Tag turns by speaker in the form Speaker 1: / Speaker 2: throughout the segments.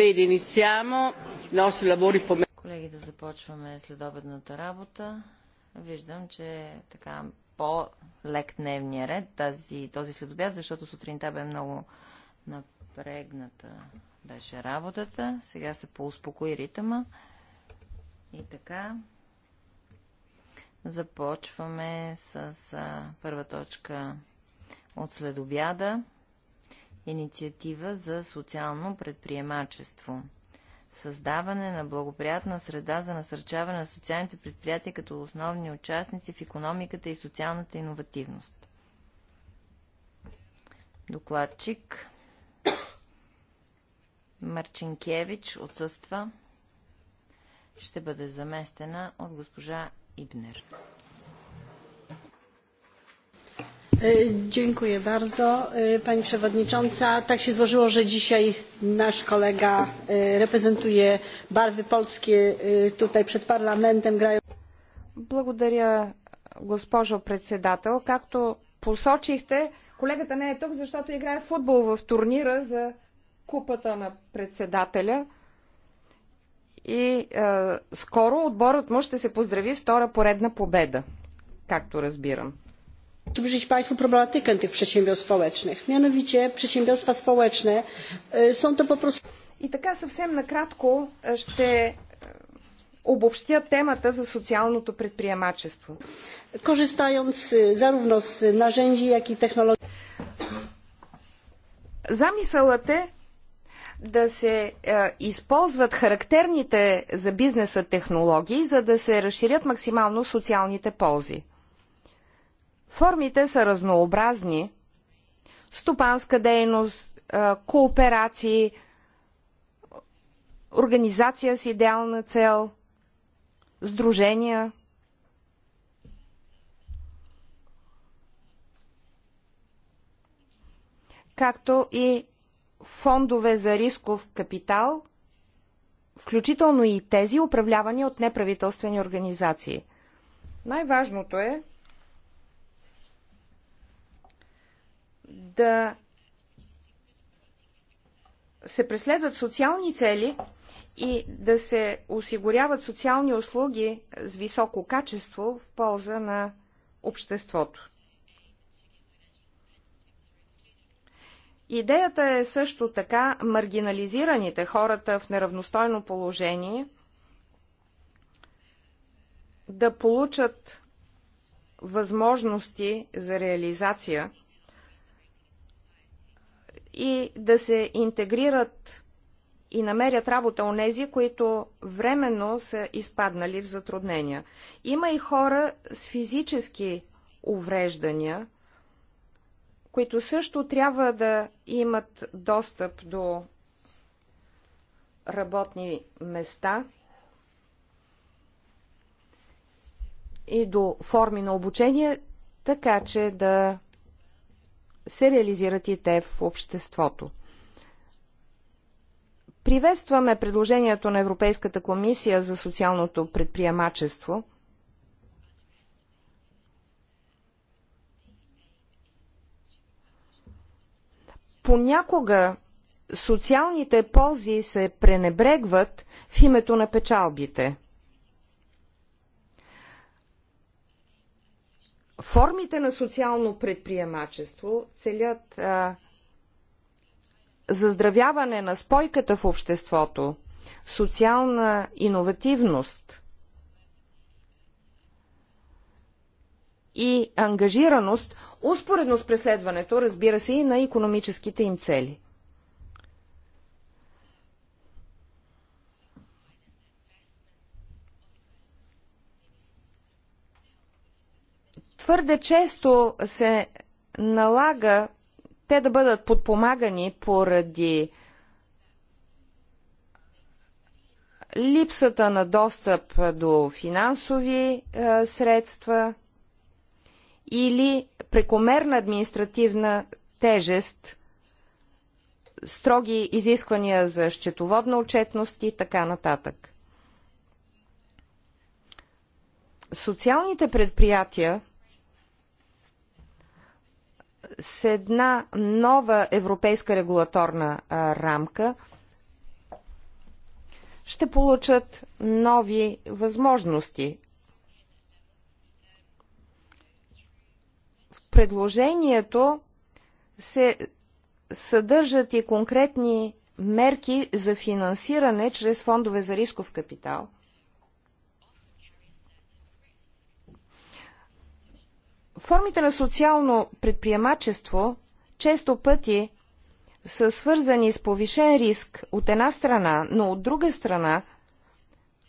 Speaker 1: Bene, iniziamo i nostri
Speaker 2: lavori Колеги, да започваме следобедната работа. Виждам, че така по-лек дневния ред тази, този следобед, защото сутринта бе много напрегната беше работата. Сега се поуспокои ритъма. И така, започваме с а, първа точка от следобяда инициатива за социално предприемачество. Създаване на благоприятна среда за насърчаване на социалните предприятия като основни участници в економиката и социалната иновативност. Докладчик Марчинкевич отсъства. Ще бъде заместена от госпожа Ибнер.
Speaker 1: E, dziękuję bardzo e, Pani Przewodnicząca. Tak się złożyło, że dzisiaj nasz kolega e, reprezentuje barwy
Speaker 3: polskie tutaj przed parlamentem. Благодаря, госпожо председател. Както посочихте, колегата не е тук, защото играе футбол в турнира за купата на председателя. И е, скоро отборът му ще се поздрави с втора поредна победа, както разбирам przybliżyć Państwu problematykę tych przedsiębiorstw społecznych. Mianowicie przedsiębiorstwa społeczne są to po prostu... И така съвсем накратко е, ще е, обобщя темата за социалното предприемачество. Korzystając zarówno z narzędzi, jak i technologii. Замисълът е да се е, използват характерните за бизнеса технологии, за да се разширят максимално социалните ползи. Формите са разнообразни. Стопанска дейност, кооперации, организация с идеална цел, сдружения. както и фондове за рисков капитал, включително и тези, управлявани от неправителствени организации. Най-важното е да се преследват социални цели и да се осигуряват социални услуги с високо качество в полза на обществото. Идеята е също така маргинализираните хората в неравностойно положение да получат възможности за реализация – и да се интегрират и намерят работа у нези, които временно са изпаднали в затруднения. Има и хора с физически увреждания, които също трябва да имат достъп до работни места и до форми на обучение, така че да се реализират и те в обществото. Приветстваме предложението на Европейската комисия за социалното предприемачество. Понякога социалните ползи се пренебрегват в името на печалбите – Формите на социално предприемачество целят а, заздравяване на спойката в обществото, социална иновативност и ангажираност, успоредно с преследването, разбира се, и на економическите им цели – Твърде често се налага те да бъдат подпомагани поради липсата на достъп до финансови е, средства или прекомерна административна тежест, строги изисквания за счетоводна отчетност и така нататък. Социалните предприятия с една нова европейска регулаторна а, рамка ще получат нови възможности. В предложението се съдържат и конкретни мерки за финансиране чрез фондове за рисков капитал – Формите на социално предприемачество често пъти са свързани с повишен риск от една страна, но от друга страна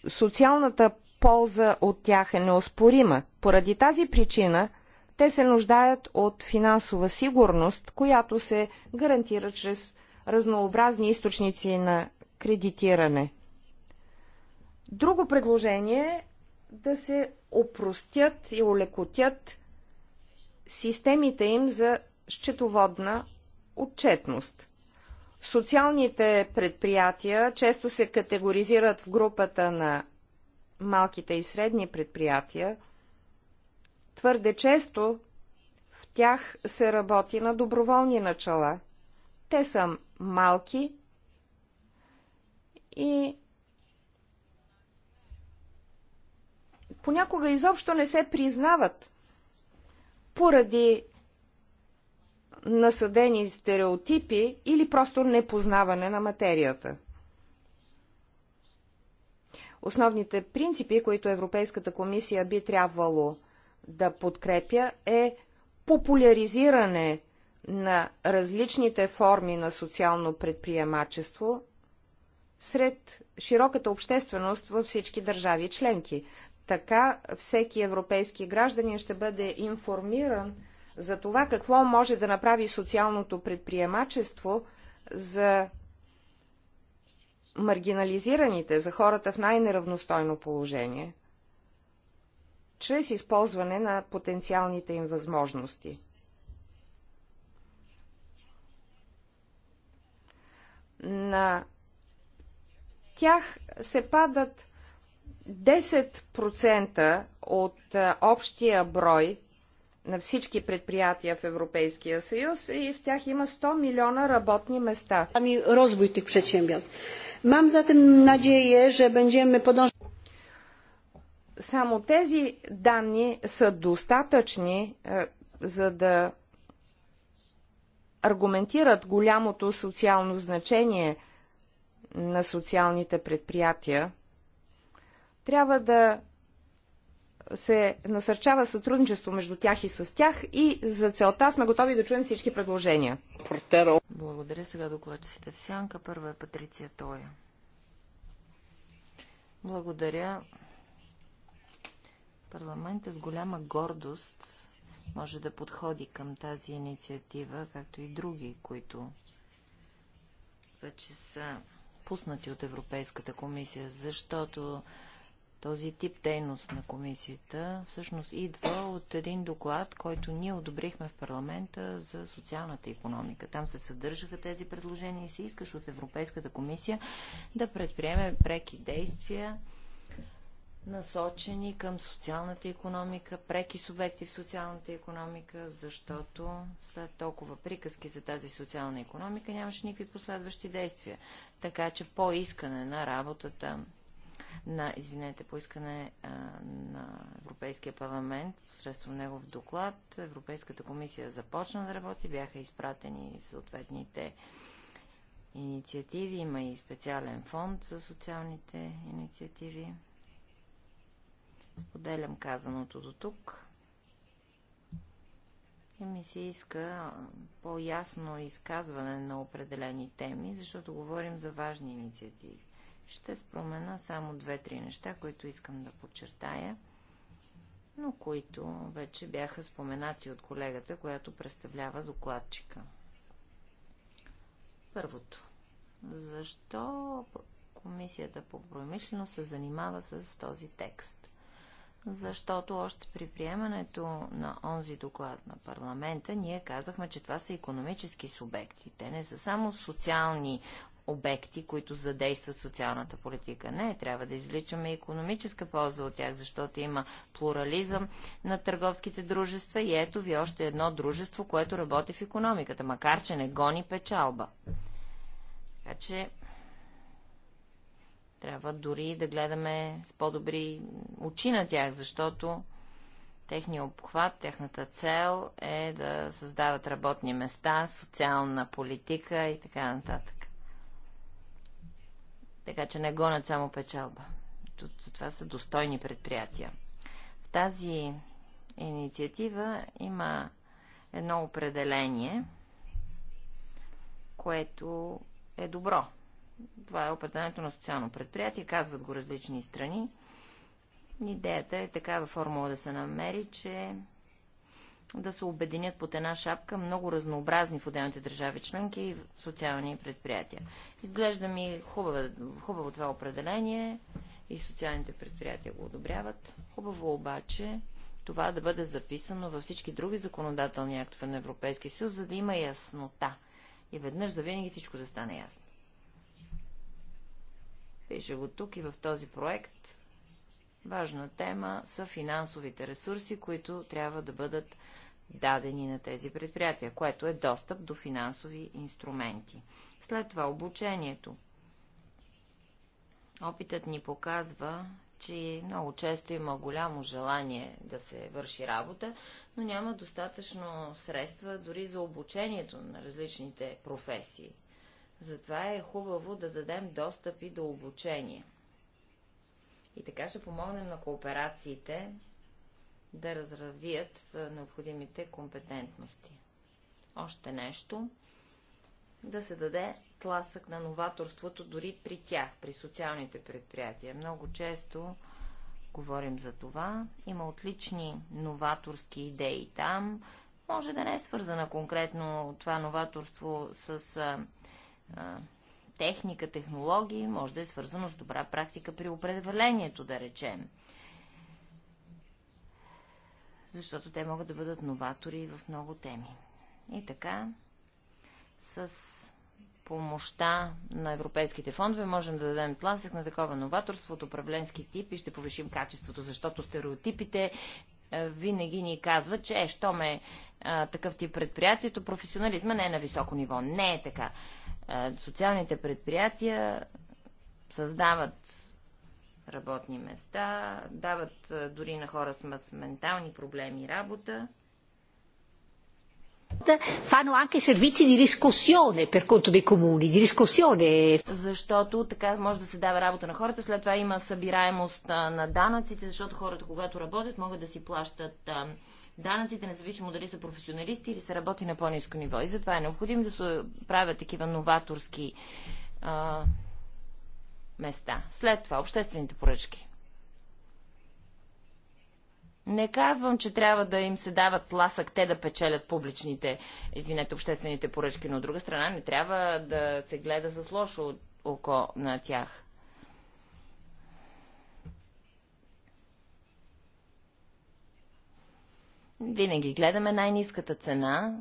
Speaker 3: социалната полза от тях е неоспорима. Поради тази причина те се нуждаят от финансова сигурност, която се гарантира чрез разнообразни източници на кредитиране. Друго предложение е да се опростят и улекотят системите им за счетоводна отчетност. Социалните предприятия често се категоризират в групата на малките и средни предприятия. Твърде често в тях се работи на доброволни начала. Те са малки и понякога изобщо не се признават поради насъдени стереотипи или просто непознаване на материята. Основните принципи, които Европейската комисия би трябвало да подкрепя, е популяризиране на различните форми на социално предприемачество сред широката общественост във всички държави членки. Така всеки европейски гражданин ще бъде информиран за това какво може да направи социалното предприемачество за маргинализираните, за хората в най-неравностойно положение, чрез използване на потенциалните им възможности. На тях се падат 10% от общия брой на всички предприятия в Европейския съюз и в тях има 100 милиона работни места. Ами развой Само тези данни са достатъчни, за да аргументират голямото социално значение на социалните предприятия трябва да се насърчава сътрудничество между тях и с тях и за целта сме готови да чуем всички предложения. Благодаря сега докладчиците в сянка. Първа е Патриция Тоя.
Speaker 2: Благодаря. Парламента с голяма гордост може да подходи към тази инициатива, както и други, които вече са пуснати от Европейската комисия, защото този тип дейност на комисията всъщност идва от един доклад, който ние одобрихме в парламента за социалната економика. Там се съдържаха тези предложения и се искаш от Европейската комисия да предприеме преки действия насочени към социалната економика, преки субекти в социалната економика, защото след толкова приказки за тази социална економика нямаше никакви последващи действия. Така че по искане на работата на, извинете, по искане на Европейския парламент, посредством негов доклад, Европейската комисия започна да работи, бяха изпратени съответните инициативи, има и специален фонд за социалните инициативи. Споделям казаното до тук. И ми се иска по-ясно изказване на определени теми, защото говорим за важни инициативи. Ще спомена само две-три неща, които искам да подчертая, но които вече бяха споменати от колегата, която представлява докладчика. Първото. Защо Комисията по промишлено се занимава с този текст? защото още при приемането на онзи доклад на парламента ние казахме, че това са економически субекти. Те не са само социални обекти, които задействат социалната политика. Не, трябва да извличаме економическа полза от тях, защото има плурализъм на търговските дружества и ето ви още едно дружество, което работи в економиката, макар че не гони печалба. Така че трябва дори да гледаме с по-добри очи на тях, защото техният обхват, техната цел е да създават работни места, социална политика и така нататък така че не гонят само печалба. Това са достойни предприятия. В тази инициатива има едно определение, което е добро. Това е определението на социално предприятие, казват го различни страни. Идеята е такава формула да се намери, че да се обединят под една шапка много разнообразни в отделните държави членки и социални предприятия. Изглежда ми хубаво, хубаво това определение и социалните предприятия го одобряват. Хубаво обаче това да бъде записано във всички други законодателни актове на Европейския съюз, за да има яснота. И веднъж за винаги всичко да стане ясно. Пише го тук и в този проект. Важна тема са финансовите ресурси, които трябва да бъдат дадени на тези предприятия, което е достъп до финансови инструменти. След това обучението. Опитът ни показва, че много често има голямо желание да се върши работа, но няма достатъчно средства дори за обучението на различните професии. Затова е хубаво да дадем достъп и до обучение. И така ще помогнем на кооперациите да разравият необходимите компетентности. Още нещо да се даде тласък на новаторството дори при тях, при социалните предприятия. Много често говорим за това. Има отлични новаторски идеи там. Може да не е свързана конкретно това новаторство с а, а, техника, технологии, може да е свързано с добра практика при определението, да речем защото те могат да бъдат новатори в много теми. И така, с помощта на европейските фондове можем да дадем тласък на такова новаторство от управленски тип и ще повишим качеството, защото стереотипите е, винаги ни казват, че е, що ме а, е, такъв тип предприятието, професионализма не е на високо ниво. Не е така. А, е, социалните предприятия създават работни места, дават дори на хора с ментални проблеми работа. Fanno anche servizi di riscossione per conto dei comuni, di riscossione. Защото така може да се дава работа на хората, след това има събираемост на данъците, защото хората, когато работят, могат да си плащат данъците, независимо дали са професионалисти или се работи на по-низко ниво. И затова е необходимо да се правят такива новаторски а, места. След това обществените поръчки. Не казвам, че трябва да им се дават пласък те да печелят публичните, извинете, обществените поръчки, но от друга страна не трябва да се гледа с лошо око на тях. Винаги гледаме най-низката цена,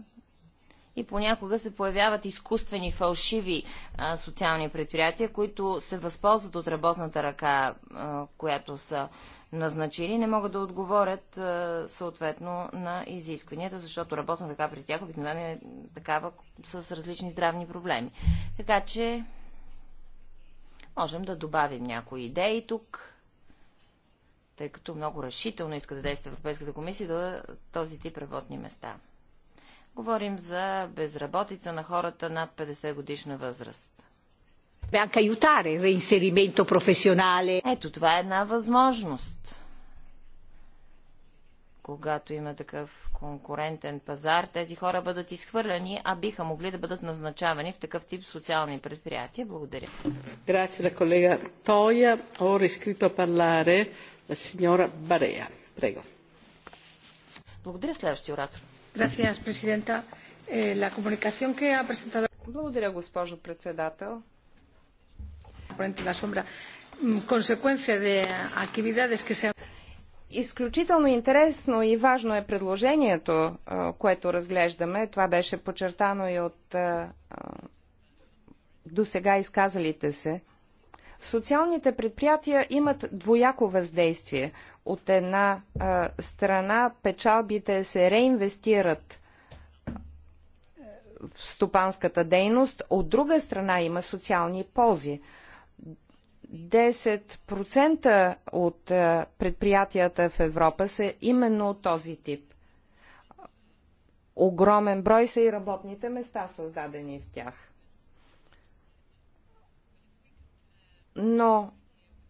Speaker 2: и понякога се появяват изкуствени, фалшиви а, социални предприятия, които се възползват от работната ръка, а, която са назначили, не могат да отговорят а, съответно на изискванията, защото работна така при тях обикновено е такава с различни здравни проблеми. Така че можем да добавим някои идеи тук, тъй като много решително иска да действа Европейската комисия до този тип работни места. Говорим за безработица на хората над 50 годишна възраст. Ето, това е една възможност. Когато има такъв конкурентен пазар, тези хора бъдат изхвърляни, а биха могли да бъдат назначавани в такъв тип социални предприятия. Благодаря.
Speaker 1: Grazie la collega Toia. Ora iscritto a parlare la signora Barea. Prego.
Speaker 2: Благодаря следващия оратор.
Speaker 3: Eh, Благодаря, госпожо председател. Изключително интересно и важно е предложението, което разглеждаме. Това беше подчертано и от до сега изказалите се. Социалните предприятия имат двояко въздействие – от една а, страна печалбите се реинвестират е, в стопанската дейност, от друга страна има социални ползи. 10% от е, предприятията в Европа са именно от този тип. Огромен брой са и работните места, създадени в тях. Но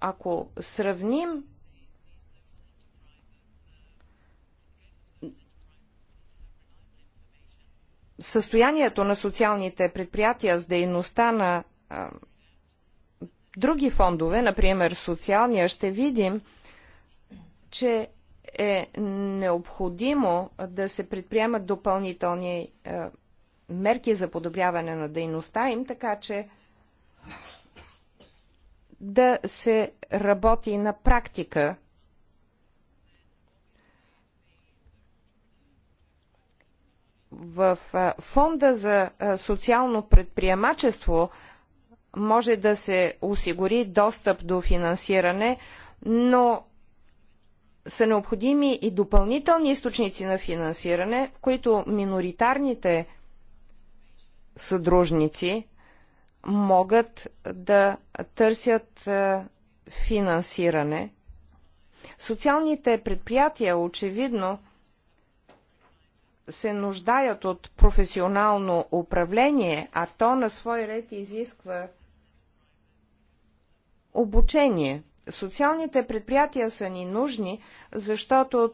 Speaker 3: ако сравним състоянието на социалните предприятия с дейността на а, други фондове, например социалния, ще видим, че е необходимо да се предприемат допълнителни а, мерки за подобряване на дейността им, така че да се работи на практика в фонда за социално предприемачество може да се осигури достъп до финансиране, но са необходими и допълнителни източници на финансиране, в които миноритарните съдружници могат да търсят финансиране. Социалните предприятия очевидно се нуждаят от професионално управление, а то на свой ред изисква обучение. Социалните предприятия са ни нужни, защото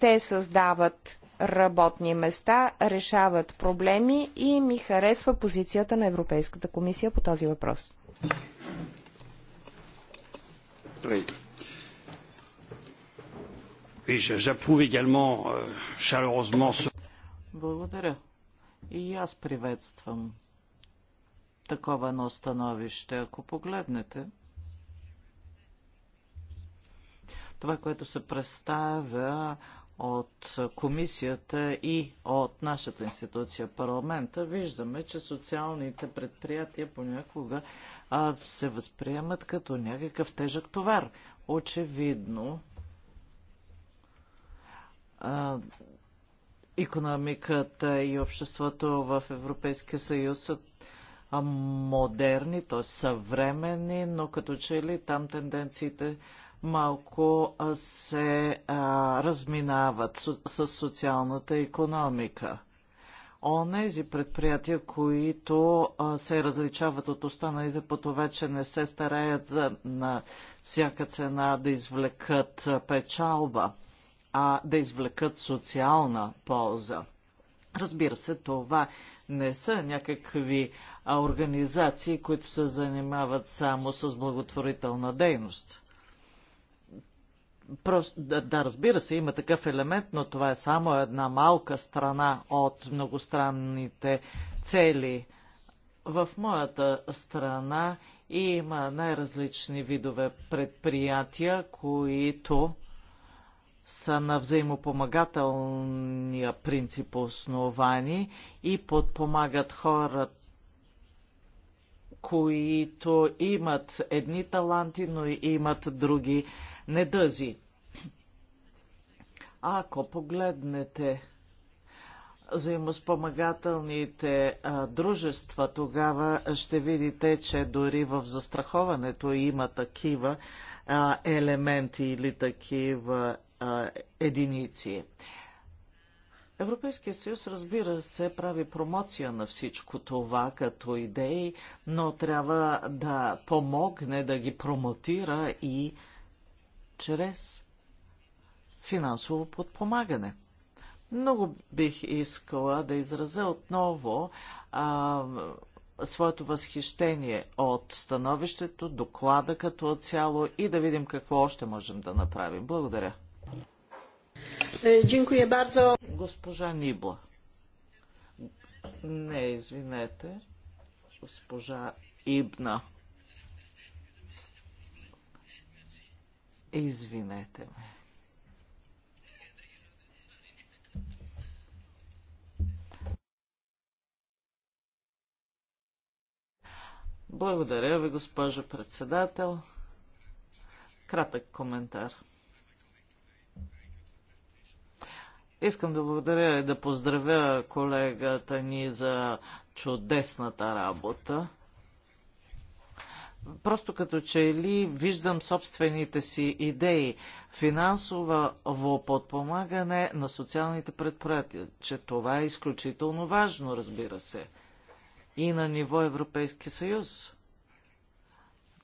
Speaker 3: те създават работни места, решават проблеми и ми харесва позицията на Европейската комисия по този въпрос. Oui. Oui, j'approuve également euh, chaleureusement
Speaker 1: ce благодаря. И аз приветствам такова едно становище. Ако погледнете, това, което се представя от комисията и от нашата институция парламента, виждаме, че социалните предприятия понякога а, се възприемат като някакъв тежък товар. Очевидно, а, економиката и обществото в Европейския съюз са модерни, т.е. съвременни, но като че ли там тенденциите малко се а, разминават с, с социалната економика. Онези предприятия, които а, се различават от останалите по това, че не се стараят за, на всяка цена да извлекат печалба – а, да извлекат социална полза. Разбира се, това не са някакви организации, които се занимават само с благотворителна дейност. Просто, да, да, разбира се, има такъв елемент, но това е само една малка страна от многостранните цели. В моята страна има най-различни видове предприятия, които са на взаимопомагателния принцип основани и подпомагат хората, които имат едни таланти, но и имат други недъзи. Ако погледнете взаимоспомагателните а, дружества, тогава ще видите, че дори в застраховането има такива а, елементи или такива а, единици. Европейския съюз, разбира се, прави промоция на всичко това като идеи, но трябва да помогне да ги промотира и чрез финансово подпомагане. Много бих искала да изразя отново а, своето възхищение от становището, доклада като цяло и да видим какво още можем да направим. Благодаря. E, dziękuję bardzo. Госпожа Нибла. Не, извинете. Госпожа Ибна. Извинете ме. Благодаря ви, госпожо председател. Кратък коментар. Искам да благодаря и да поздравя колегата ни за чудесната работа. Просто като че ли виждам собствените си идеи. Финансово подпомагане на социалните предприятия, че това е изключително важно, разбира се. И на ниво Европейски съюз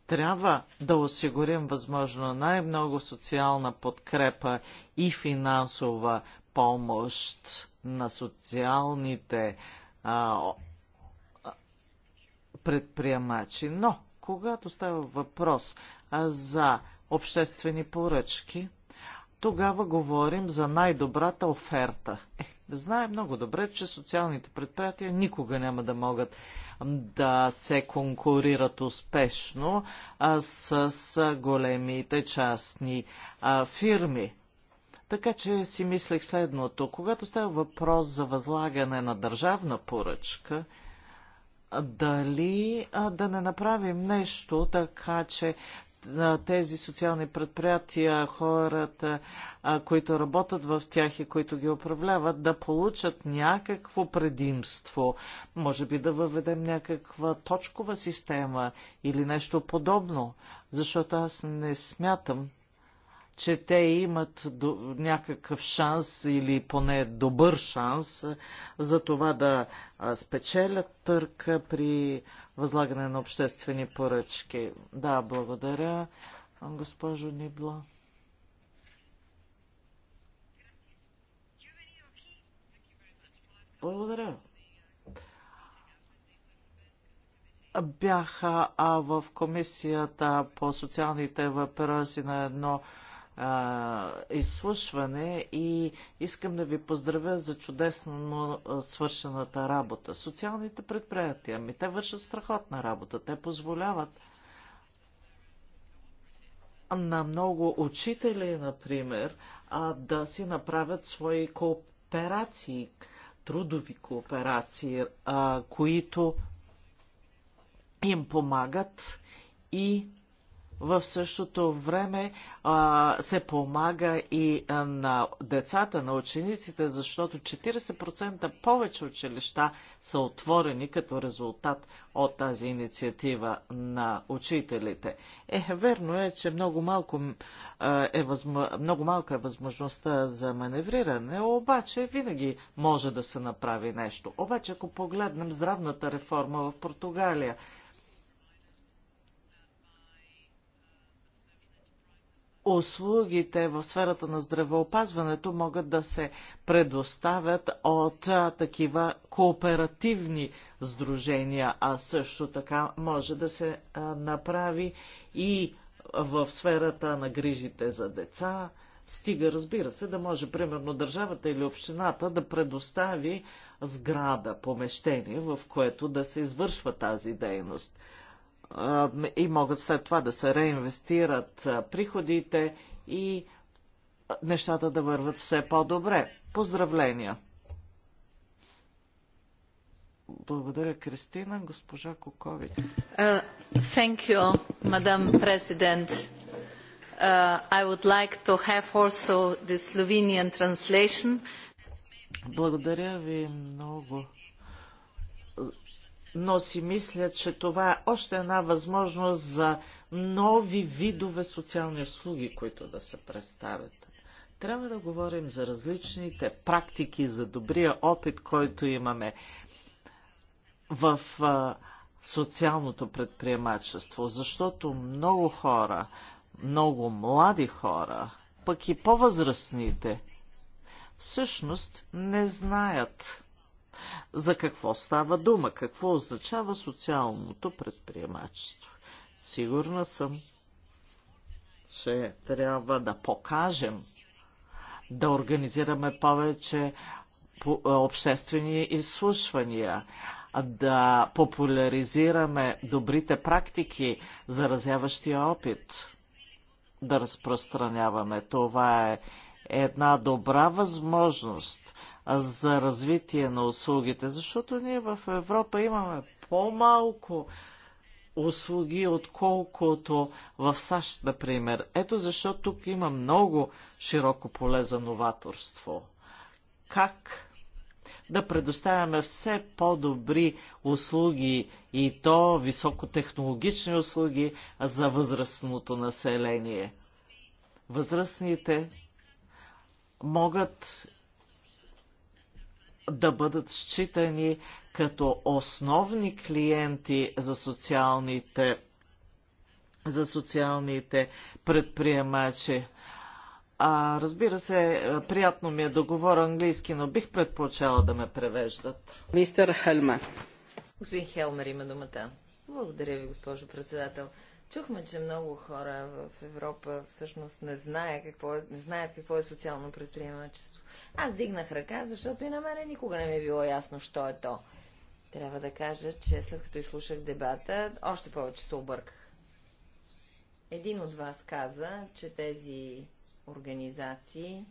Speaker 1: трябва да осигурим възможно най-много социална подкрепа и финансова помощ на социалните а, предприемачи. Но, когато става въпрос а, за обществени поръчки, тогава говорим за най-добрата оферта. Е, знае много добре, че социалните предприятия никога няма да могат да се конкурират успешно а, с, големите частни а, фирми. Така че си мислех следното. Когато става въпрос за възлагане на държавна поръчка, дали да не направим нещо така, че тези социални предприятия, хората, които работят в тях и които ги управляват, да получат някакво предимство. Може би да въведем някаква точкова система или нещо подобно, защото аз не смятам, че те имат до, някакъв шанс или поне добър шанс за това да спечелят търка при възлагане на обществени поръчки. Да, благодаря, госпожо Нибла. Благодаря. Бяха а, в комисията по социалните въпроси на едно а, изслушване и искам да ви поздравя за чудесно свършената работа. Социалните предприятия, ми те вършат страхотна работа. Те позволяват на много учители, например, а, да си направят свои кооперации, трудови кооперации, а, които им помагат и в същото време а, се помага и на децата, на учениците, защото 40% повече училища са отворени като резултат от тази инициатива на учителите. Е, верно е, че много, малко, е, възма, много малка е възможността за маневриране, обаче винаги може да се направи нещо. Обаче, ако погледнем здравната реформа в Португалия, услугите в сферата на здравеопазването могат да се предоставят от а, такива кооперативни сдружения, а също така може да се а, направи и в сферата на грижите за деца. Стига, разбира се, да може, примерно, държавата или общината да предостави сграда, помещение, в което да се извършва тази дейност – и могат след това да се реинвестират приходите и нещата да върват все по-добре. Поздравления! Благодаря, Кристина. Госпожа Кокови. Uh,
Speaker 2: thank you, Madam President. Uh, I would like to have also the Slovenian translation.
Speaker 1: Благодаря ви много но си мисля, че това е още една възможност за нови видове социални услуги, които да се представят. Трябва да говорим за различните практики, за добрия опит, който имаме в социалното предприемачество, защото много хора, много млади хора, пък и по-възрастните, всъщност не знаят за какво става дума? Какво означава социалното предприемачество? Сигурна съм, че трябва да покажем, да организираме повече е, обществени изслушвания, да популяризираме добрите практики, заразяващия опит, да разпространяваме. Това е една добра възможност за развитие на услугите, защото ние в Европа имаме по-малко услуги, отколкото в САЩ, например. Ето защо тук има много широко поле за новаторство. Как да предоставяме все по-добри услуги и то високотехнологични услуги за възрастното население. Възрастните могат да бъдат считани като основни клиенти за социалните, за социалните предприемачи. А, разбира се, приятно ми е да говоря английски, но бих предпочела да ме превеждат. Мистер Хелмер.
Speaker 2: Господин Хелмер има думата. Благодаря ви, госпожо председател. Чухме, че много хора в Европа всъщност не, знае какво е, не знаят какво е социално предприемачество. Аз дигнах ръка, защото и на мене никога не ми е било ясно, що е то. Трябва да кажа, че след като изслушах дебата, още повече се обърках. Един от вас каза, че тези организации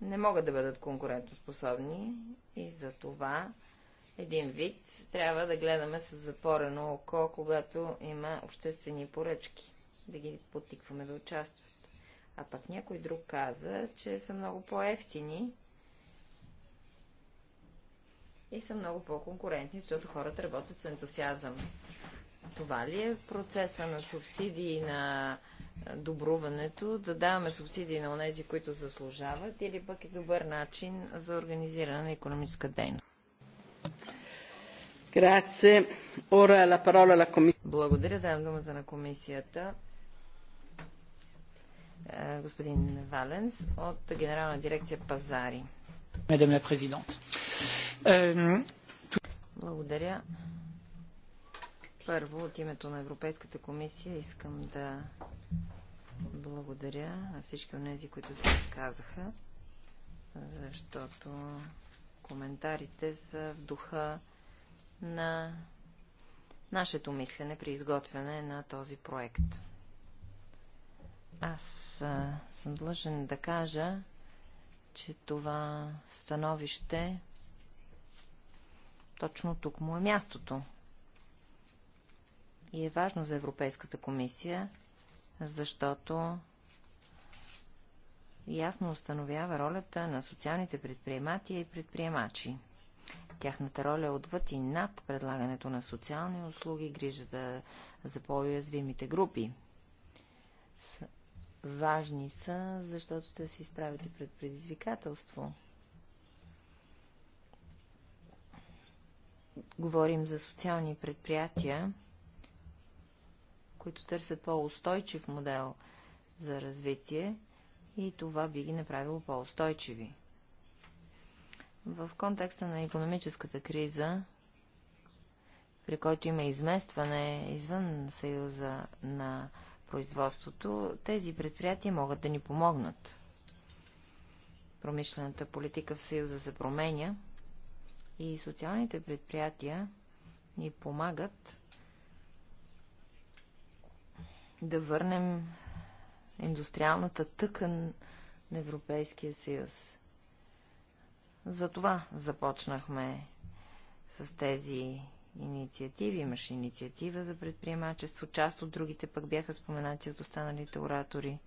Speaker 2: не могат да бъдат конкурентоспособни и за това един вид трябва да гледаме с затворено око, когато има обществени поръчки, да ги потикваме да участват. А пък някой друг каза, че са много по-ефтини и са много по-конкурентни, защото хората работят с ентусиазъм. Това ли е процеса на субсидии на добруването, да даваме субсидии на онези, които заслужават, или пък е добър начин за организиране на економическа дейност? Благодаря. Давам думата на комисията. Е, господин Валенс от Генерална дирекция Пазари.
Speaker 1: Мадам ла президент.
Speaker 2: Благодаря. Първо, от името на Европейската комисия искам да благодаря на всички от тези, които се изказаха, защото коментарите са в духа на нашето мислене при изготвяне на този проект. Аз а, съм длъжен да кажа, че това становище точно тук му е мястото. И е важно за Европейската комисия, защото ясно установява ролята на социалните предприематия и предприемачи. Тяхната роля е отвъд и над предлагането на социални услуги, грижата за по-уязвимите групи. Важни са, защото те се изправят и пред предизвикателство. Говорим за социални предприятия, които търсят по-устойчив модел за развитие – и това би ги направило по-устойчиви. В контекста на економическата криза, при който има изместване извън съюза на производството, тези предприятия могат да ни помогнат. Промишлената политика в съюза се променя и социалните предприятия ни помагат да върнем индустриалната тъкан на Европейския съюз. Затова започнахме с тези инициативи. Имаше инициатива за предприемачество. Част от другите пък бяха споменати от останалите оратори.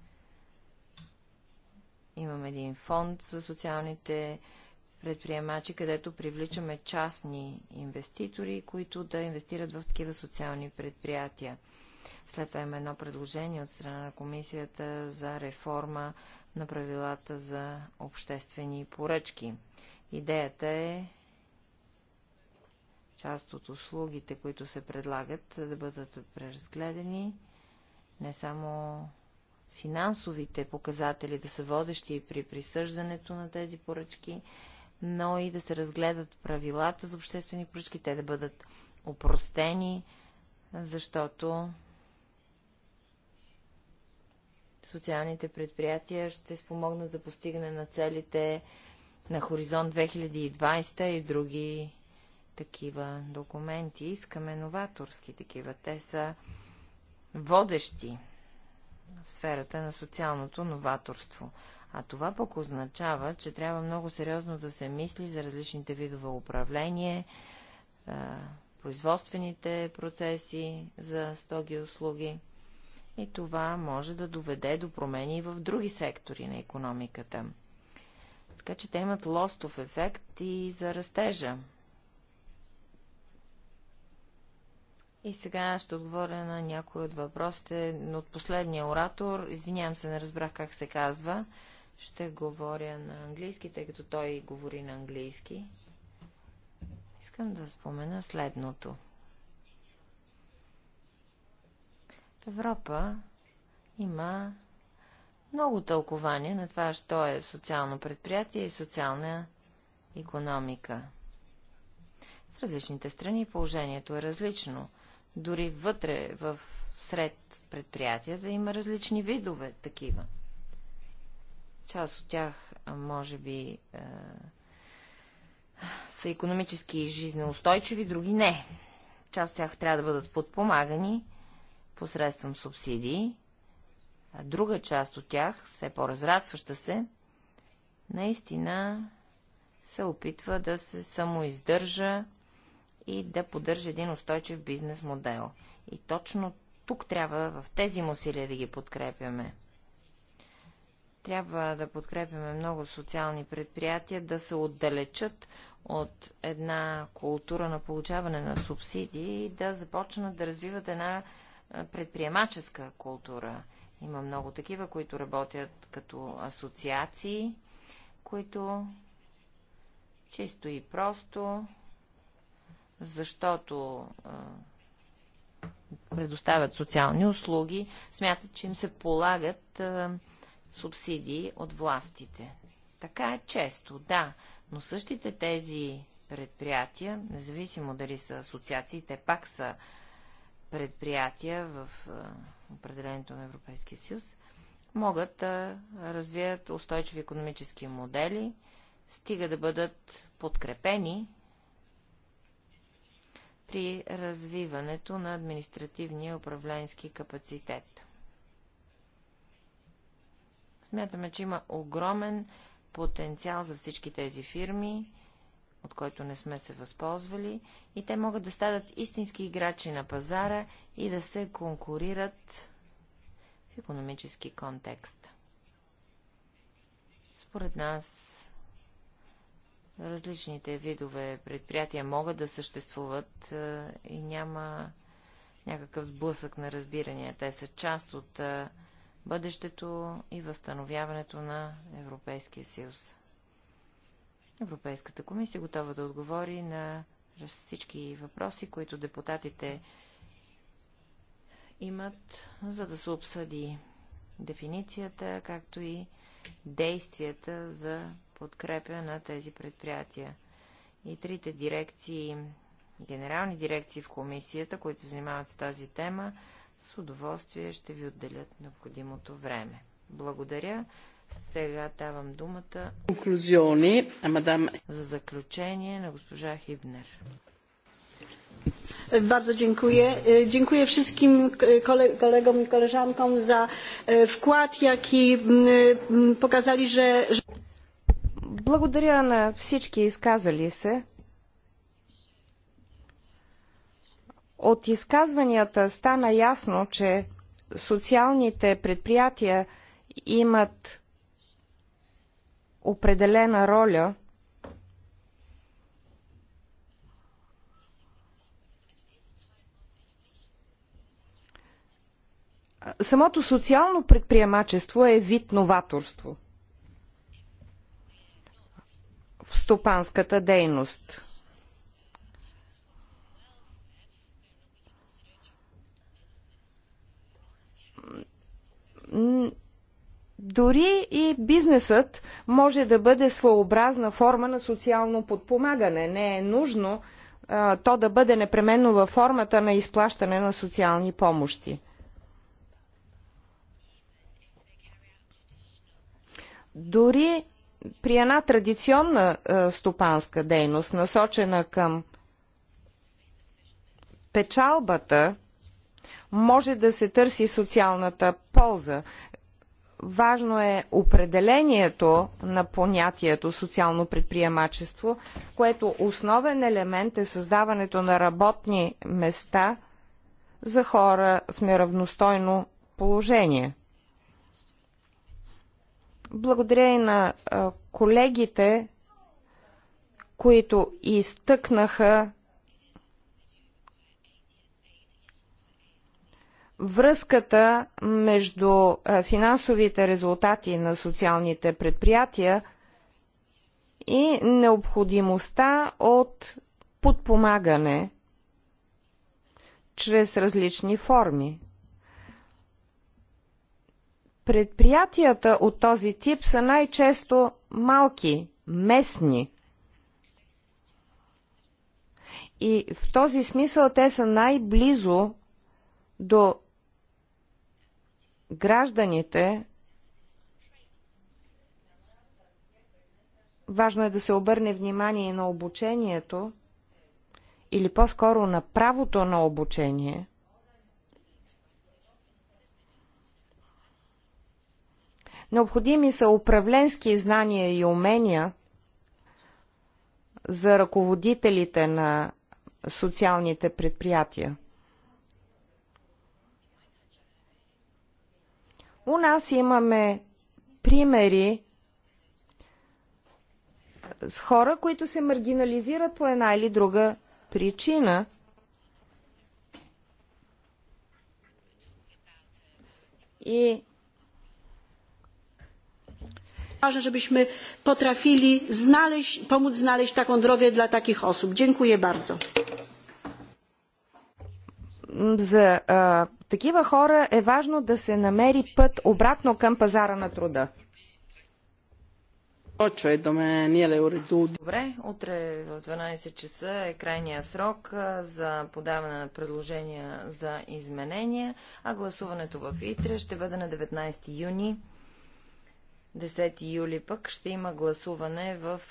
Speaker 2: Имаме един фонд за социалните предприемачи, където привличаме частни инвеститори, които да инвестират в такива социални предприятия. След това има едно предложение от страна на комисията за реформа на правилата за обществени поръчки. Идеята е част от услугите, които се предлагат, да бъдат преразгледани, не само финансовите показатели да са водещи при присъждането на тези поръчки, но и да се разгледат правилата за обществени поръчки, те да бъдат опростени, защото социалните предприятия ще спомогнат за постигане на целите на Хоризонт 2020 и други такива документи. Искаме новаторски такива. Те са водещи в сферата на социалното новаторство. А това пък означава, че трябва много сериозно да се мисли за различните видове управление, производствените процеси за стоги и услуги и това може да доведе до промени и в други сектори на економиката. Така че те имат лостов ефект и за растежа. И сега ще отговоря на някои от въпросите, но от последния оратор, извинявам се, не разбрах как се казва, ще говоря на английски, тъй като той говори на английски. Искам да спомена следното. Европа има много тълкование на това, що е социално предприятие и социална економика. В различните страни положението е различно. Дори вътре, в сред предприятията, има различни видове такива. Част от тях, може би, е, са економически жизнеустойчиви, други не. Част от тях трябва да бъдат подпомагани – посредством субсидии, а друга част от тях, все по-разрастваща се, наистина се опитва да се самоиздържа и да поддържа един устойчив бизнес модел. И точно тук трябва в тези му усилия да ги подкрепяме. Трябва да подкрепяме много социални предприятия да се отдалечат от една култура на получаване на субсидии и да започнат да развиват една е, предприемаческа култура. Има много такива, които работят като асоциации, които чисто и просто, защото е, предоставят социални услуги, смятат, че им се полагат е, субсидии от властите. Така е често, да, но същите тези предприятия, независимо дали са асоциации, те пак са предприятия в определението на Европейския съюз могат да развият устойчиви економически модели, стига да бъдат подкрепени при развиването на административния управленски капацитет. Смятаме, че има огромен потенциал за всички тези фирми от който не сме се възползвали, и те могат да станат истински играчи на пазара и да се конкурират в економически контекст. Според нас различните видове предприятия могат да съществуват е, и няма някакъв сблъсък на разбирания. Те са част от е, бъдещето и възстановяването на Европейския съюз. Европейската комисия е готова да отговори на всички въпроси, които депутатите имат, за да се обсъди дефиницията, както и действията за подкрепя на тези предприятия. И трите дирекции, генерални дирекции в комисията, които се занимават с тази тема, с удоволствие ще ви отделят необходимото време. Благодаря. Сега давам думата
Speaker 1: Конклюзиони, а мадам... за
Speaker 2: заключение на госпожа Хибнер.
Speaker 1: Е, Bardzo dziękuję. Е, dziękuję wszystkim kolegom i koleżankom za e, wkład, jaki
Speaker 3: e, pokazali, że... Благодаря на всички изказали се. От изказванията стана ясно, че социалните предприятия имат определена роля Самото социално предприемачество е вид новаторство в стопанската дейност дори и бизнесът може да бъде своеобразна форма на социално подпомагане. Не е нужно а, то да бъде непременно във формата на изплащане на социални помощи. Дори при една традиционна а, стопанска дейност, насочена към печалбата, може да се търси социалната полза важно е определението на понятието социално предприемачество, което основен елемент е създаването на работни места за хора в неравностойно положение. Благодаря и на колегите, които изтъкнаха връзката между е, финансовите резултати на социалните предприятия и необходимостта от подпомагане чрез различни форми. Предприятията от този тип са най-често малки, местни. И в този смисъл те са най-близо до гражданите важно е да се обърне внимание на обучението или по-скоро на правото на обучение. Необходими са управленски знания и умения за ръководителите на социалните предприятия. У нас имаме примери с хора, които се маргинализират по една или друга причина. И ważne, żebyśmy potrafili znaleźć, pomóc znaleźć taką drogę dla takich osób. Dziękuję bardzo. За uh такива хора е важно да се намери път обратно към пазара на труда. Е, е Добре,
Speaker 2: утре в 12 часа е крайния срок за подаване на предложения за изменения, а гласуването в ИТРЕ ще бъде на 19 юни. 10 юли пък ще има гласуване в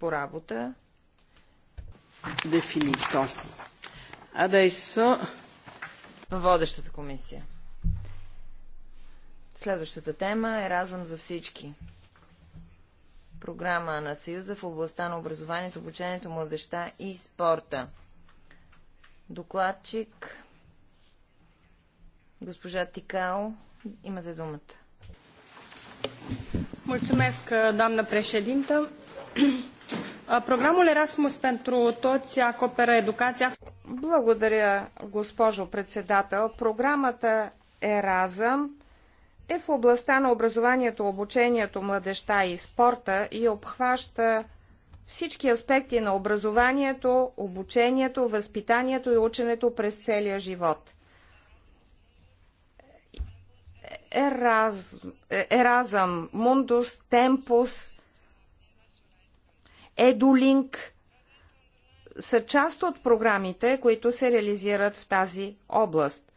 Speaker 2: по работа
Speaker 1: definito. Adesso...
Speaker 2: Водещата комисия. Следващата тема е разъм за всички. Програма на Съюза в областта на образованието, обучението, младеща и спорта. Докладчик госпожа Тикао, имате думата. Mulțumesc, doamnă președintă. Програмul Erasmus pentru toți acoperă educația.
Speaker 3: Благодаря, госпожо председател. Програмата Еразъм е в областта на образованието, обучението, младеща и спорта и обхваща всички аспекти на образованието, обучението, възпитанието и ученето през целия живот. еразъм, Мундус, Темпус EduLink са част от програмите, които се реализират в тази област.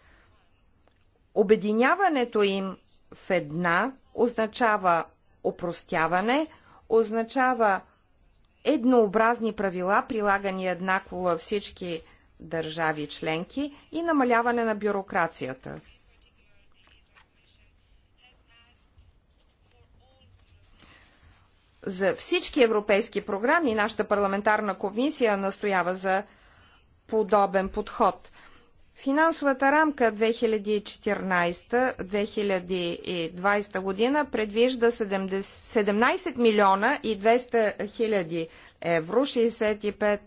Speaker 3: Обединяването им в една означава опростяване, означава еднообразни правила, прилагани еднакво във всички държави членки и намаляване на бюрокрацията. за всички европейски програми нашата парламентарна комисия настоява за подобен подход. Финансовата рамка 2014-2020 година предвижда 17 милиона и 200 хиляди евро, 65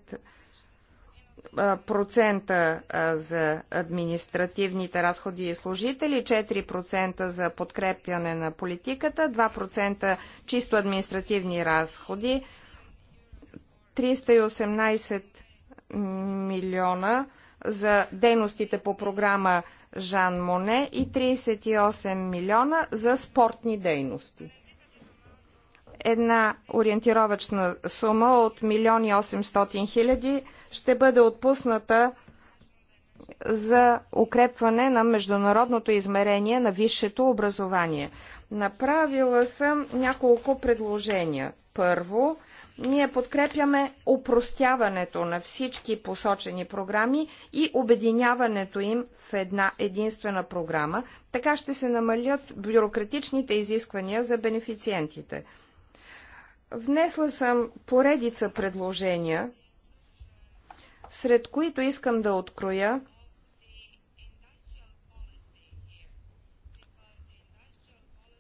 Speaker 3: процента за административните разходи и служители, 4% за подкрепяне на политиката, 2% чисто административни разходи, 318 милиона за дейностите по програма Жан Моне и 38 милиона за спортни дейности. Една ориентировъчна сума от 1 800 000 ще бъде отпусната за укрепване на международното измерение на висшето образование. Направила съм няколко предложения. Първо, ние подкрепяме упростяването на всички посочени програми и обединяването им в една единствена програма. Така ще се намалят бюрократичните изисквания за бенефициентите. Внесла съм поредица предложения сред които искам да откроя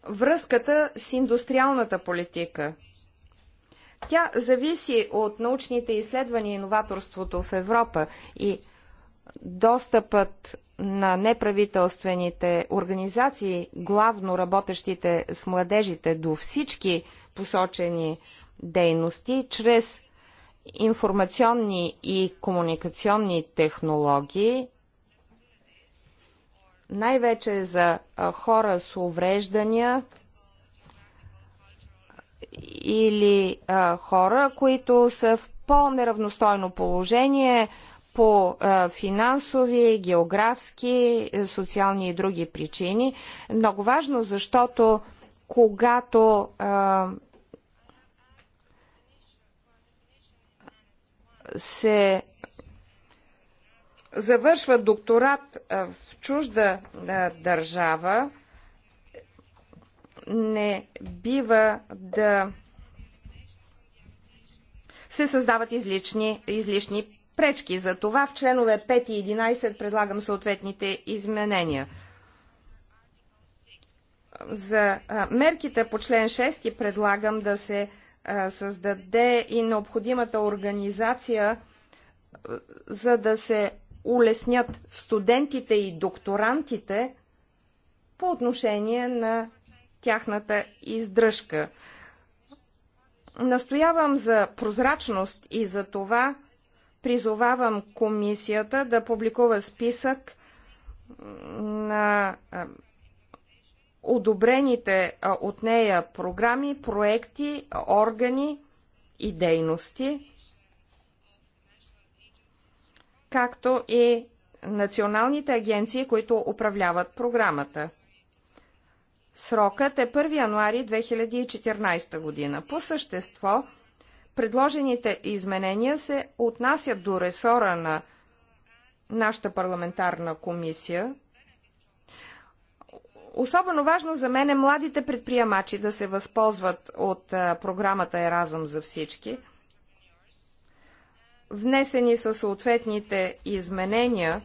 Speaker 3: връзката с индустриалната политика. Тя зависи от научните изследвания и новаторството в Европа и достъпът на неправителствените организации, главно работещите с младежите, до всички посочени дейности, чрез информационни и комуникационни технологии, най-вече за хора с увреждания или хора, които са в по-неравностойно положение по финансови, географски, социални и други причини. Много важно, защото когато се завършва докторат в чужда държава, не бива да се създават излични, излишни пречки. За това в членове 5 и 11 предлагам съответните изменения. За мерките по член 6 предлагам да се създаде и необходимата организация, за да се улеснят студентите и докторантите по отношение на тяхната издръжка. Настоявам за прозрачност и за това призовавам комисията да публикува списък на одобрените от нея програми, проекти, органи и дейности, както и националните агенции, които управляват програмата. Срокът е 1 януари 2014 година. По същество, предложените изменения се отнасят до ресора на нашата парламентарна комисия – Особено важно за мен е младите предприемачи да се възползват от програмата Еразъм за всички. Внесени са съответните изменения.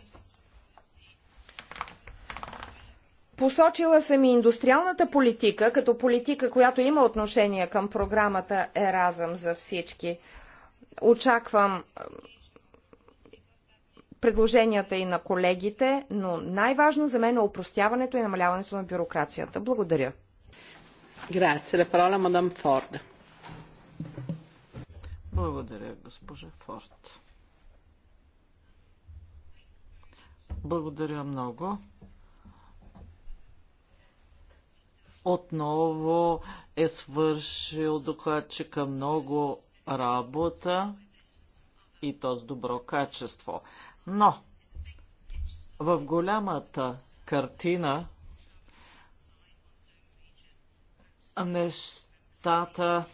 Speaker 3: Посочила съм и индустриалната политика като политика, която има отношение към програмата Еразъм за всички. Очаквам предложенията и на колегите, но най-важно за мен е упростяването и намаляването на бюрокрацията. Благодаря. Грация. La parola мадам Форд.
Speaker 1: Благодаря, госпожа Форд. Благодаря много. Отново е свършил докладчика много работа и то с добро качество. Но в голямата картина нещата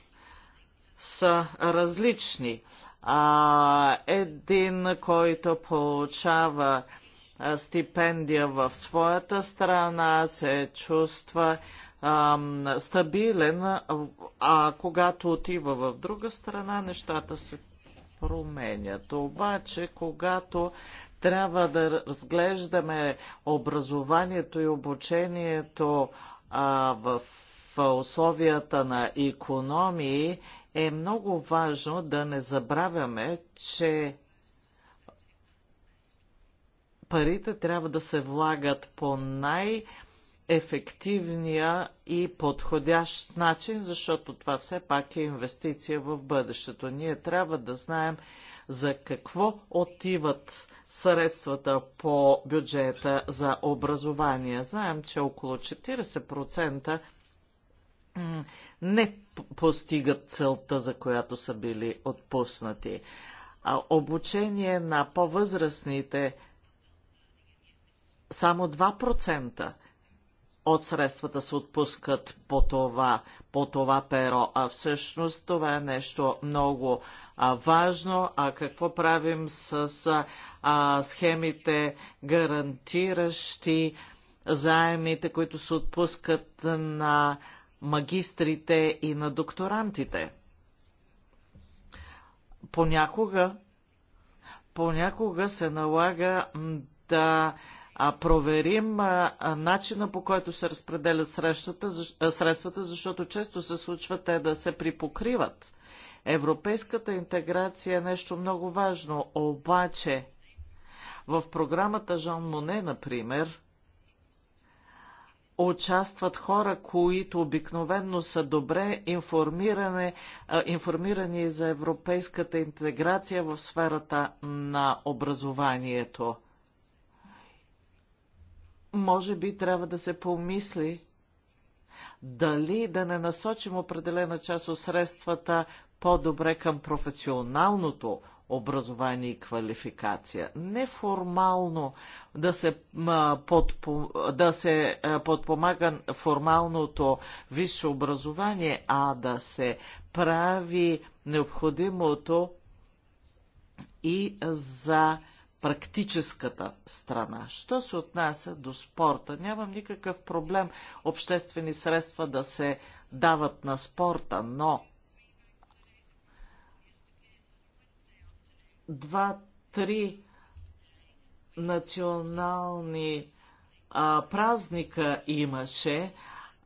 Speaker 1: са различни. А, един, който получава стипендия в своята страна, се чувства ам, стабилен, а, а когато отива в друга страна, нещата се променят. Обаче, когато трябва да разглеждаме образованието и обучението а, в, в условията на економии, е много важно да не забравяме, че парите трябва да се влагат по най- ефективния и подходящ начин, защото това все пак е инвестиция в бъдещето. Ние трябва да знаем за какво отиват средствата по бюджета за образование. Знаем, че около 40% не постигат целта, за която са били отпуснати. А обучение на по-възрастните само 2% от средствата се отпускат по това, по това перо. А всъщност това е нещо много а, важно. А какво правим с а, схемите гарантиращи заемите, които се отпускат на магистрите и на докторантите? Понякога, понякога се налага да а, проверим начина по който се разпределят средствата, средствата, защото често се случва те да се припокриват. Европейската интеграция е нещо много важно, обаче в програмата Жан Моне, например, участват хора, които обикновенно са добре информирани, информирани за европейската интеграция в сферата на образованието – може би трябва да се помисли дали да не насочим определена част от средствата по-добре към професионалното образование и квалификация. Неформално да се, подпо, да се подпомага формалното висше образование, а да се прави необходимото и за практическата страна. Що се отнася до спорта? Нямам никакъв проблем обществени средства да се дават на спорта, но два-три национални а, празника имаше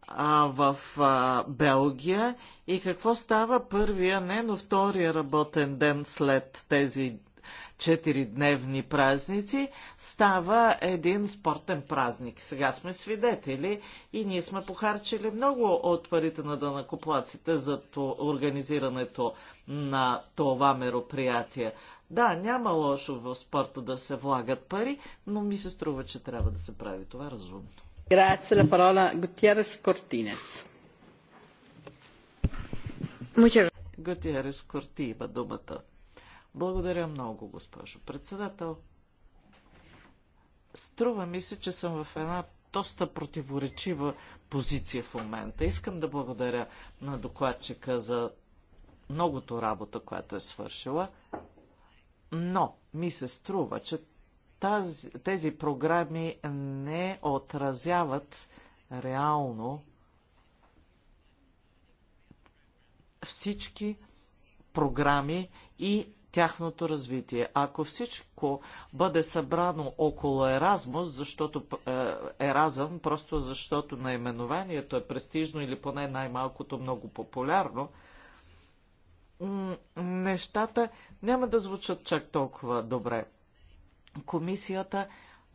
Speaker 1: а, в а, Белгия и какво става първия, не, но втория работен ден след тези четиридневни празници, става един спортен празник. Сега сме свидетели и ние сме похарчили много от парите на дънакоплаците за организирането на това мероприятие. Да, няма лошо в спорта да се влагат пари, но ми се струва, че трябва да се прави това разумно. Грация la parola Gutierrez Cortines. Gutierrez има думата. Благодаря много, госпожо председател. Струва ми се, че съм в една доста противоречива позиция в момента. Искам да благодаря на докладчика за многото работа, която е свършила, но ми се струва, че тази, тези програми не отразяват реално всички програми и тяхното развитие. Ако всичко бъде събрано около Еразмус, защото е, Еразъм, просто защото наименованието е престижно или поне най-малкото много популярно, нещата няма да звучат чак толкова добре. Комисията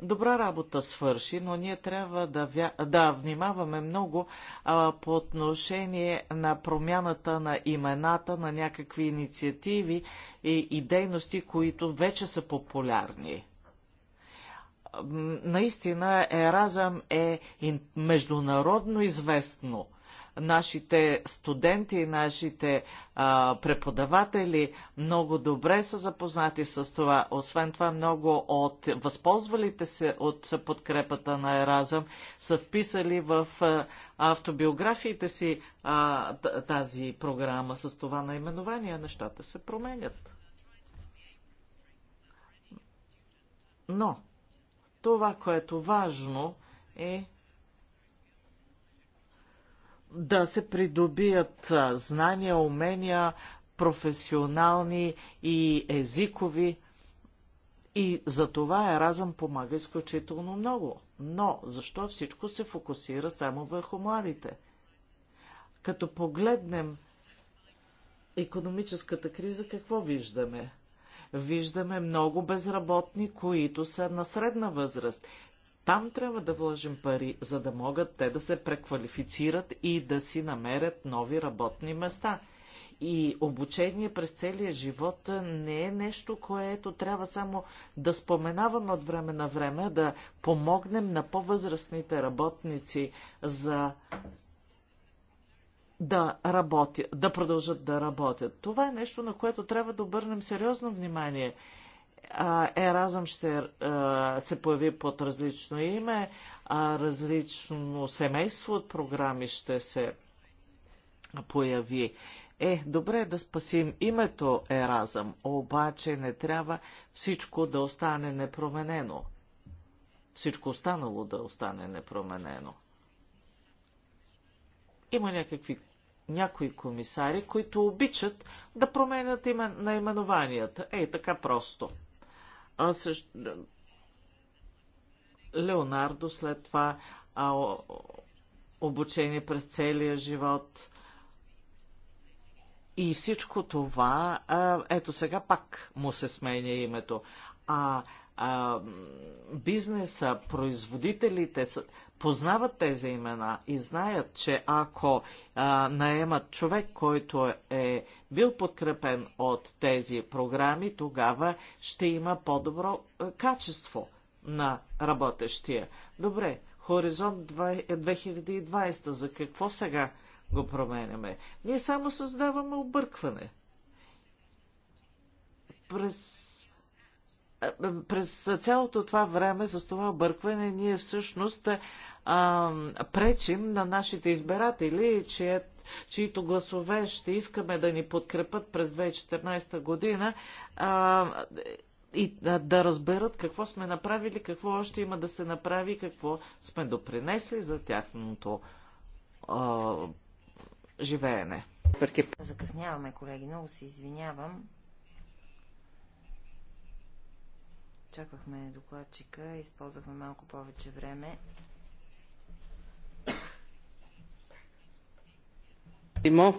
Speaker 1: добра работа свърши, но ние трябва да, вя... да внимаваме много а, по отношение на промяната на имената на някакви инициативи и, и дейности, които вече са популярни. Наистина Еразъм е международно известно нашите студенти и нашите а, преподаватели много добре са запознати с това. Освен това, много от възползвалите се от подкрепата на Еразъм са вписали в а, автобиографиите си а, тази програма с това наименование. Нещата се променят. Но това, което важно е да се придобият знания, умения, професионални и езикови. И за това Еразъм помага изключително много. Но защо всичко се фокусира само върху младите? Като погледнем економическата криза, какво виждаме? Виждаме много безработни, които са на средна възраст. Там трябва да вложим пари, за да могат те да се преквалифицират и да си намерят нови работни места. И обучение през целия живот не е нещо, което трябва само да споменаваме от време на време, да помогнем на по-възрастните работници за да работят, да продължат да работят. Това е нещо, на което трябва да обърнем сериозно внимание. Еразъм ще се появи под различно име, различно семейство от програми ще се появи. Е, добре е да спасим името Еразъм, обаче не трябва всичко да остане непроменено. Всичко останало да остане непроменено. Има някакви, някои комисари, които обичат да променят име, наименованията. Ей, така просто а също... Леонардо след това а, обучение през целия живот. И всичко това, а, ето сега пак му се сменя името. А, а бизнеса, производителите, познават тези имена и знаят, че ако а, наемат човек, който е бил подкрепен от тези програми, тогава ще има по-добро качество на работещия. Добре, Хоризонт 2020, е, за какво сега го променяме? Ние само създаваме объркване. През през цялото това време с това объркване ние всъщност а, пречим на нашите избиратели, чието гласове ще искаме да ни подкрепят през 2014 година а, и а, да разберат какво сме направили, какво още има да се направи, какво сме допринесли за тяхното а, живеене.
Speaker 2: Закъсняваме, колеги. Много се извинявам. Чаквахме докладчика, използвахме малко повече време. Искам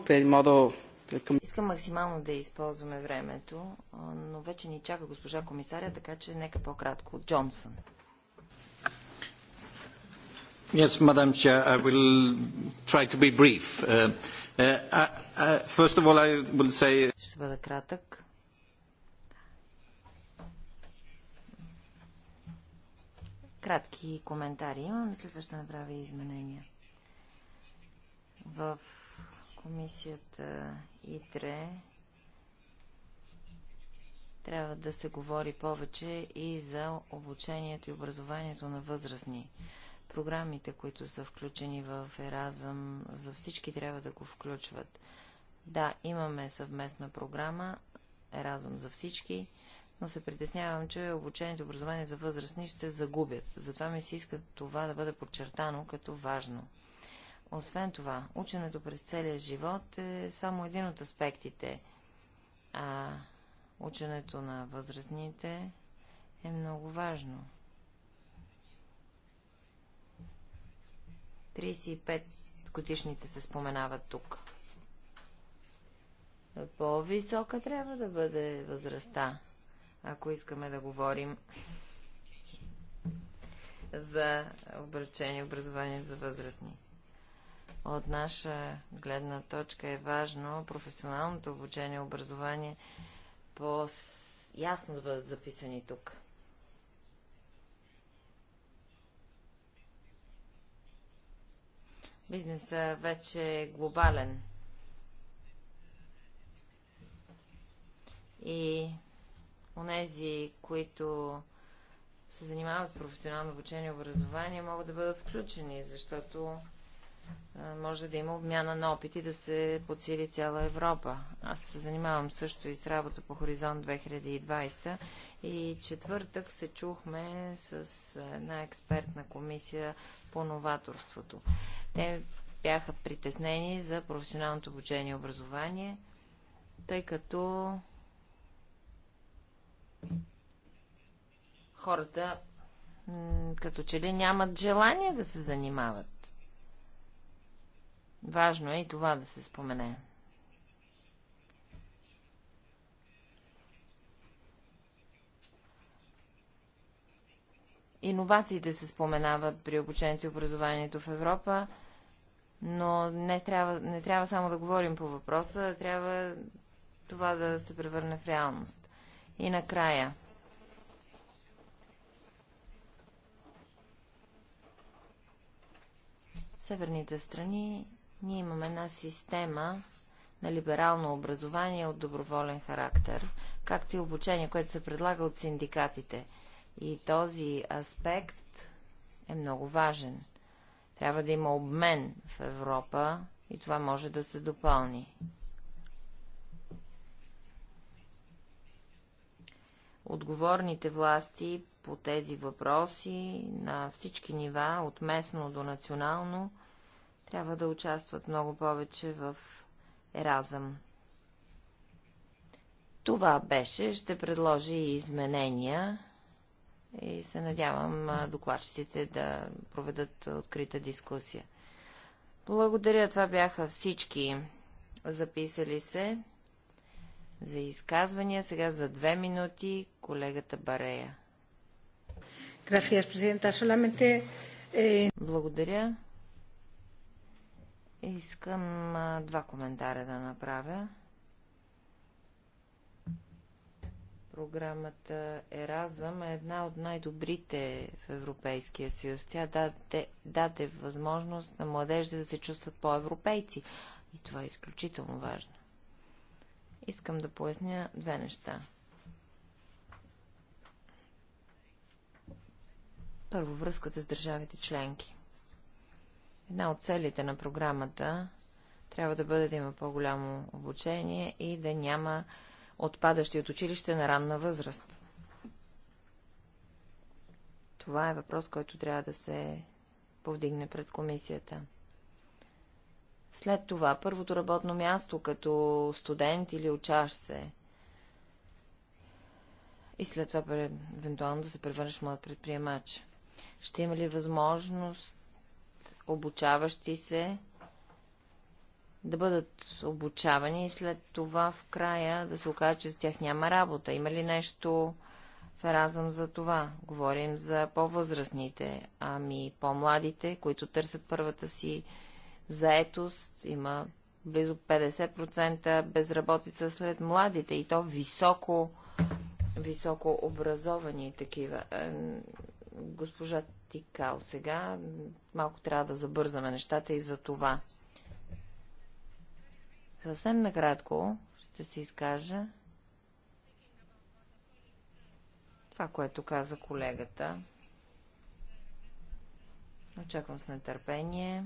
Speaker 2: максимално да използваме времето, но вече ни чака госпожа комисаря, така че нека по-кратко. Джонсън.
Speaker 1: Yes, Madam Chair, I will try to be brief. Uh, uh, uh,
Speaker 3: first of all, I will say... Ще
Speaker 2: бъда кратък. Кратки коментари имам, след това ще направя изменения. В комисията ИТРЕ трябва да се говори повече и за обучението и образованието на възрастни. Програмите, които са включени в Еразъм, за всички трябва да го включват. Да, имаме съвместна програма Еразъм за всички, но се притеснявам, че обучението и образование за възрастни ще загубят. Затова ми се иска това да бъде подчертано като важно. Освен това, ученето през целия живот е само един от аспектите, а ученето на възрастните е много важно. 35 годишните се споменават тук. По-висока трябва да бъде възрастта, ако искаме да говорим за обръчение образование за възрастни. От наша гледна точка е важно професионалното обучение и образование по-ясно да бъдат записани тук. Бизнесът вече е глобален. И онези, които се занимават с професионално обучение и образование, могат да бъдат включени, защото може да има обмяна на опити да се подсили цяла Европа. Аз се занимавам също и с работа по Хоризонт 2020 и четвъртък се чухме с една експертна комисия по новаторството. Те бяха притеснени за професионалното обучение и образование, тъй като хората като че ли нямат желание да се занимават. Важно е и това да се спомене. Иновациите се споменават при обучението и образованието в Европа, но не трябва, не трябва само да говорим по въпроса, трябва това да се превърне в реалност. И накрая. Северните страни ние имаме една система на либерално образование от доброволен характер, както и обучение, което се предлага от синдикатите. И този аспект е много важен. Трябва да има обмен в Европа и това може да се допълни. Отговорните власти по тези въпроси на всички нива, от местно до национално, трябва да участват много повече в Еразъм. Това беше, ще предложи и изменения и се надявам докладчиците да проведат открита дискусия. Благодаря, това бяха всички записали се за изказвания. Сега за две минути колегата Барея.
Speaker 3: Eh, Благодаря.
Speaker 2: Искам два коментара да направя. Програмата Еразъм е една от най-добрите в Европейския съюз. Тя даде, даде възможност на младежите да се чувстват по-европейци. И това е изключително важно. Искам да поясня две неща. Първо, връзката с държавите членки. Една от целите на програмата трябва да бъде да има по-голямо обучение и да няма отпадащи от училище на ранна възраст. Това е въпрос, който трябва да се повдигне пред комисията. След това, първото работно място като студент или учащ се. И след това, евентуално, да се превърнеш млад предприемач. Ще има ли възможност обучаващи се, да бъдат обучавани и след това в края да се окаже, че с тях няма работа. Има ли нещо в разъм за това? Говорим за по-възрастните, ами по-младите, които търсят първата си заетост. Има близо 50% безработица след младите и то високо, високо образовани такива. Е, госпожа као Сега малко трябва да забързаме нещата и за това. Съвсем накратко ще се изкажа това, което каза колегата. Очаквам с нетърпение.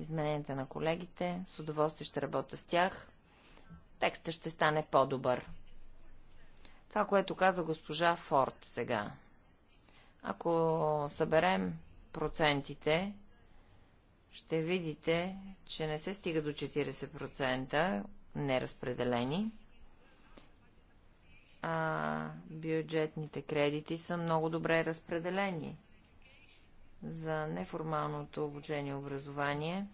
Speaker 2: Измененията на колегите. С удоволствие ще работя с тях. Текстът ще стане по-добър. Това, което каза госпожа Форд сега. Ако съберем процентите, ще видите, че не се стига до 40% неразпределени. А бюджетните кредити са много добре разпределени. За неформалното обучение и образование,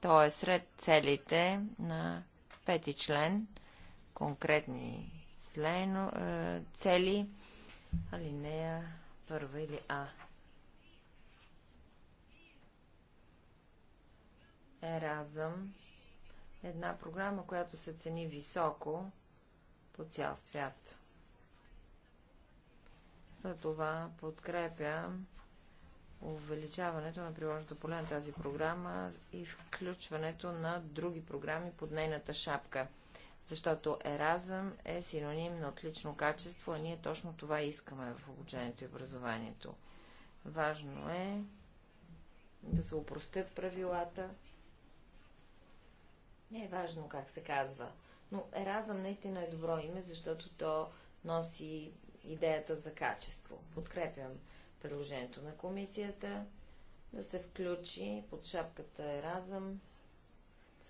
Speaker 2: то е сред целите на пети член, конкретни члено, е, цели, алинея първа или А. Еразъм. е Една програма, която се цени високо по цял свят. За това подкрепя увеличаването на приложното поле на тази програма и включването на други програми под нейната шапка – защото еразъм е синоним на отлично качество, а ние точно това искаме в обучението и образованието. Важно е да се упростят правилата. Не е важно как се казва, но еразъм наистина е добро име, защото то носи идеята за качество. Подкрепям предложението на комисията да се включи под шапката еразъм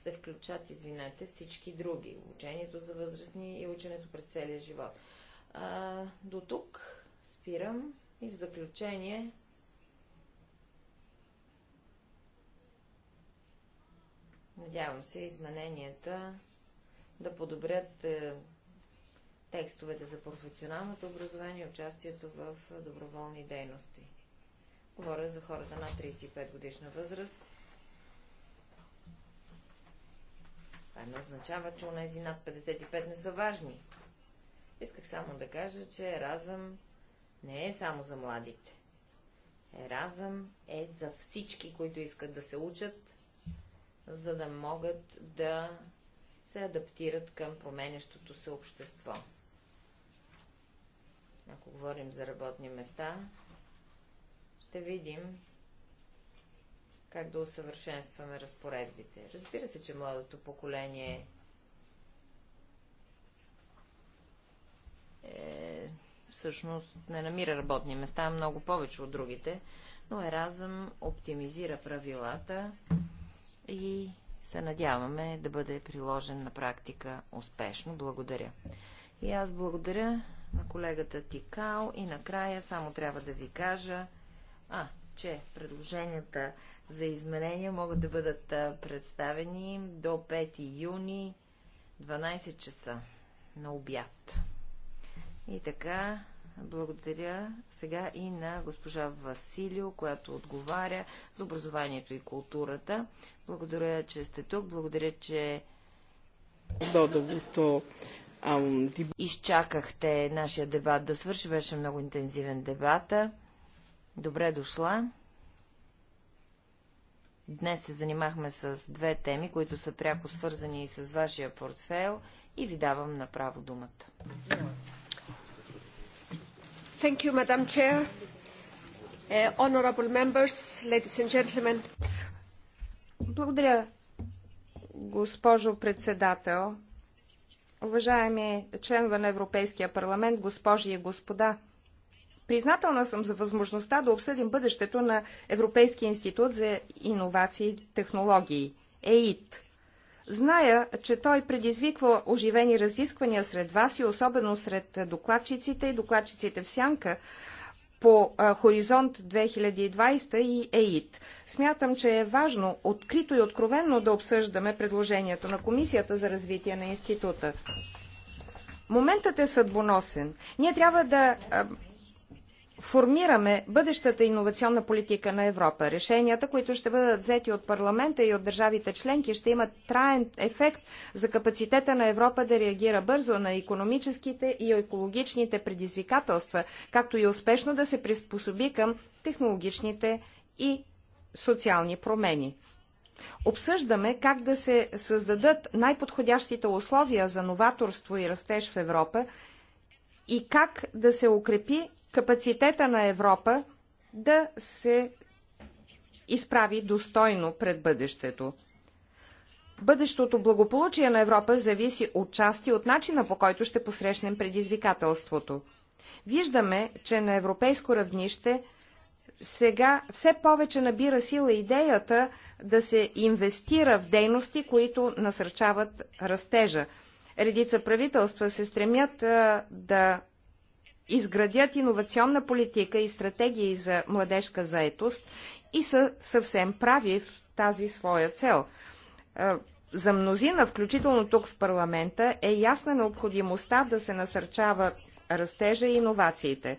Speaker 2: се включат, извинете, всички други. Учението за възрастни и ученето през целия живот. А, до тук спирам и в заключение надявам се измененията да подобрят е, текстовете за професионалното образование и участието в доброволни дейности. Говоря за хората на 35 годишна възраст, Това не означава, че онези над 55 не са важни. Исках само да кажа, че Еразъм не е само за младите. Еразъм е за всички, които искат да се учат, за да могат да се адаптират към променящото се общество. Ако говорим за работни места, ще видим, как да усъвършенстваме разпоредбите. Разбира се, че младото поколение е, всъщност не намира работни места много повече от другите, но Еразъм оптимизира правилата и се надяваме да бъде приложен на практика успешно. Благодаря. И аз благодаря на колегата Тикал и накрая само трябва да ви кажа, а, че предложенията за изменения могат да бъдат представени до 5 юни 12 часа на обяд. И така, благодаря сега и на госпожа Василио, която отговаря за образованието и културата. Благодаря, че сте тук. Благодаря, че изчакахте нашия дебат да свърши. Беше много интензивен дебата. Добре дошла. Днес се занимахме с две теми, които са пряко свързани и с вашия портфейл и ви давам направо думата.
Speaker 3: Thank you, Madam Chair. Е, honorable members, ladies and gentlemen. Благодаря, госпожо председател. Уважаеми членове на Европейския парламент, госпожи и господа. Признателна съм за възможността да обсъдим бъдещето на Европейския институт за иновации и технологии – ЕИТ. Зная, че той предизвиква оживени разисквания сред вас и особено сред докладчиците и докладчиците в сянка по Хоризонт 2020 и ЕИТ. Смятам, че е важно открито и откровенно да обсъждаме предложението на Комисията за развитие на института. Моментът е съдбоносен. Ние трябва да формираме бъдещата иновационна политика на Европа. Решенията, които ще бъдат взети от парламента и от държавите членки, ще имат траен ефект за капацитета на Европа да реагира бързо на економическите и екологичните предизвикателства, както и успешно да се приспособи към технологичните и социални промени. Обсъждаме как да се създадат най-подходящите условия за новаторство и растеж в Европа и как да се укрепи капацитета на Европа да се изправи достойно пред бъдещето. Бъдещото благополучие на Европа зависи от части от начина по който ще посрещнем предизвикателството. Виждаме, че на европейско равнище сега все повече набира сила идеята да се инвестира в дейности, които насърчават растежа. Редица правителства се стремят да изградят иновационна политика и стратегии за младежка заетост и са съвсем прави в тази своя цел. За мнозина, включително тук в парламента, е ясна необходимостта да се насърчава растежа и иновациите.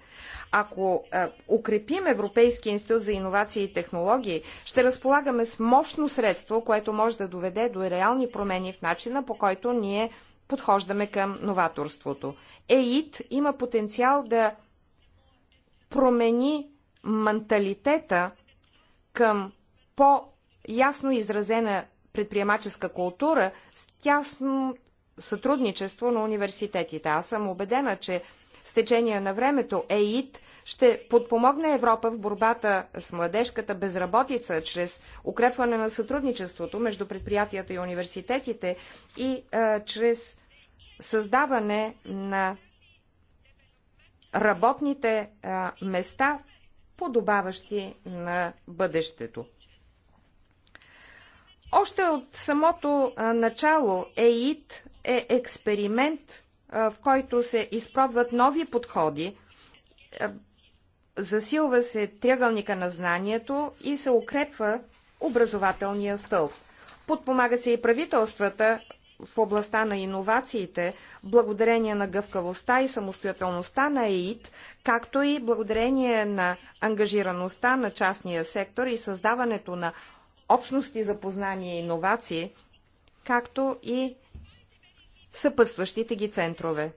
Speaker 3: Ако е, укрепим Европейския институт за иновации и технологии, ще разполагаме с мощно средство, което може да доведе до реални промени в начина по който ние подхождаме към новаторството. ЕИТ има потенциал да промени менталитета към по-ясно изразена предприемаческа култура с тясно сътрудничество на университетите. Аз съм убедена, че с течение на времето ЕИТ ще подпомогне Европа в борбата с младежката безработица чрез укрепване на сътрудничеството между предприятията и университетите и а, чрез създаване на работните места, подобаващи на бъдещето. Още от самото начало ЕИТ е експеримент, в който се изпробват нови подходи, засилва се триъгълника на знанието и се укрепва образователния стълб. Подпомагат се и правителствата в областта на иновациите, благодарение на гъвкавостта и самостоятелността на ЕИТ, както и благодарение на ангажираността на частния сектор и създаването на общности за познание и иновации, както и съпътстващите ги центрове.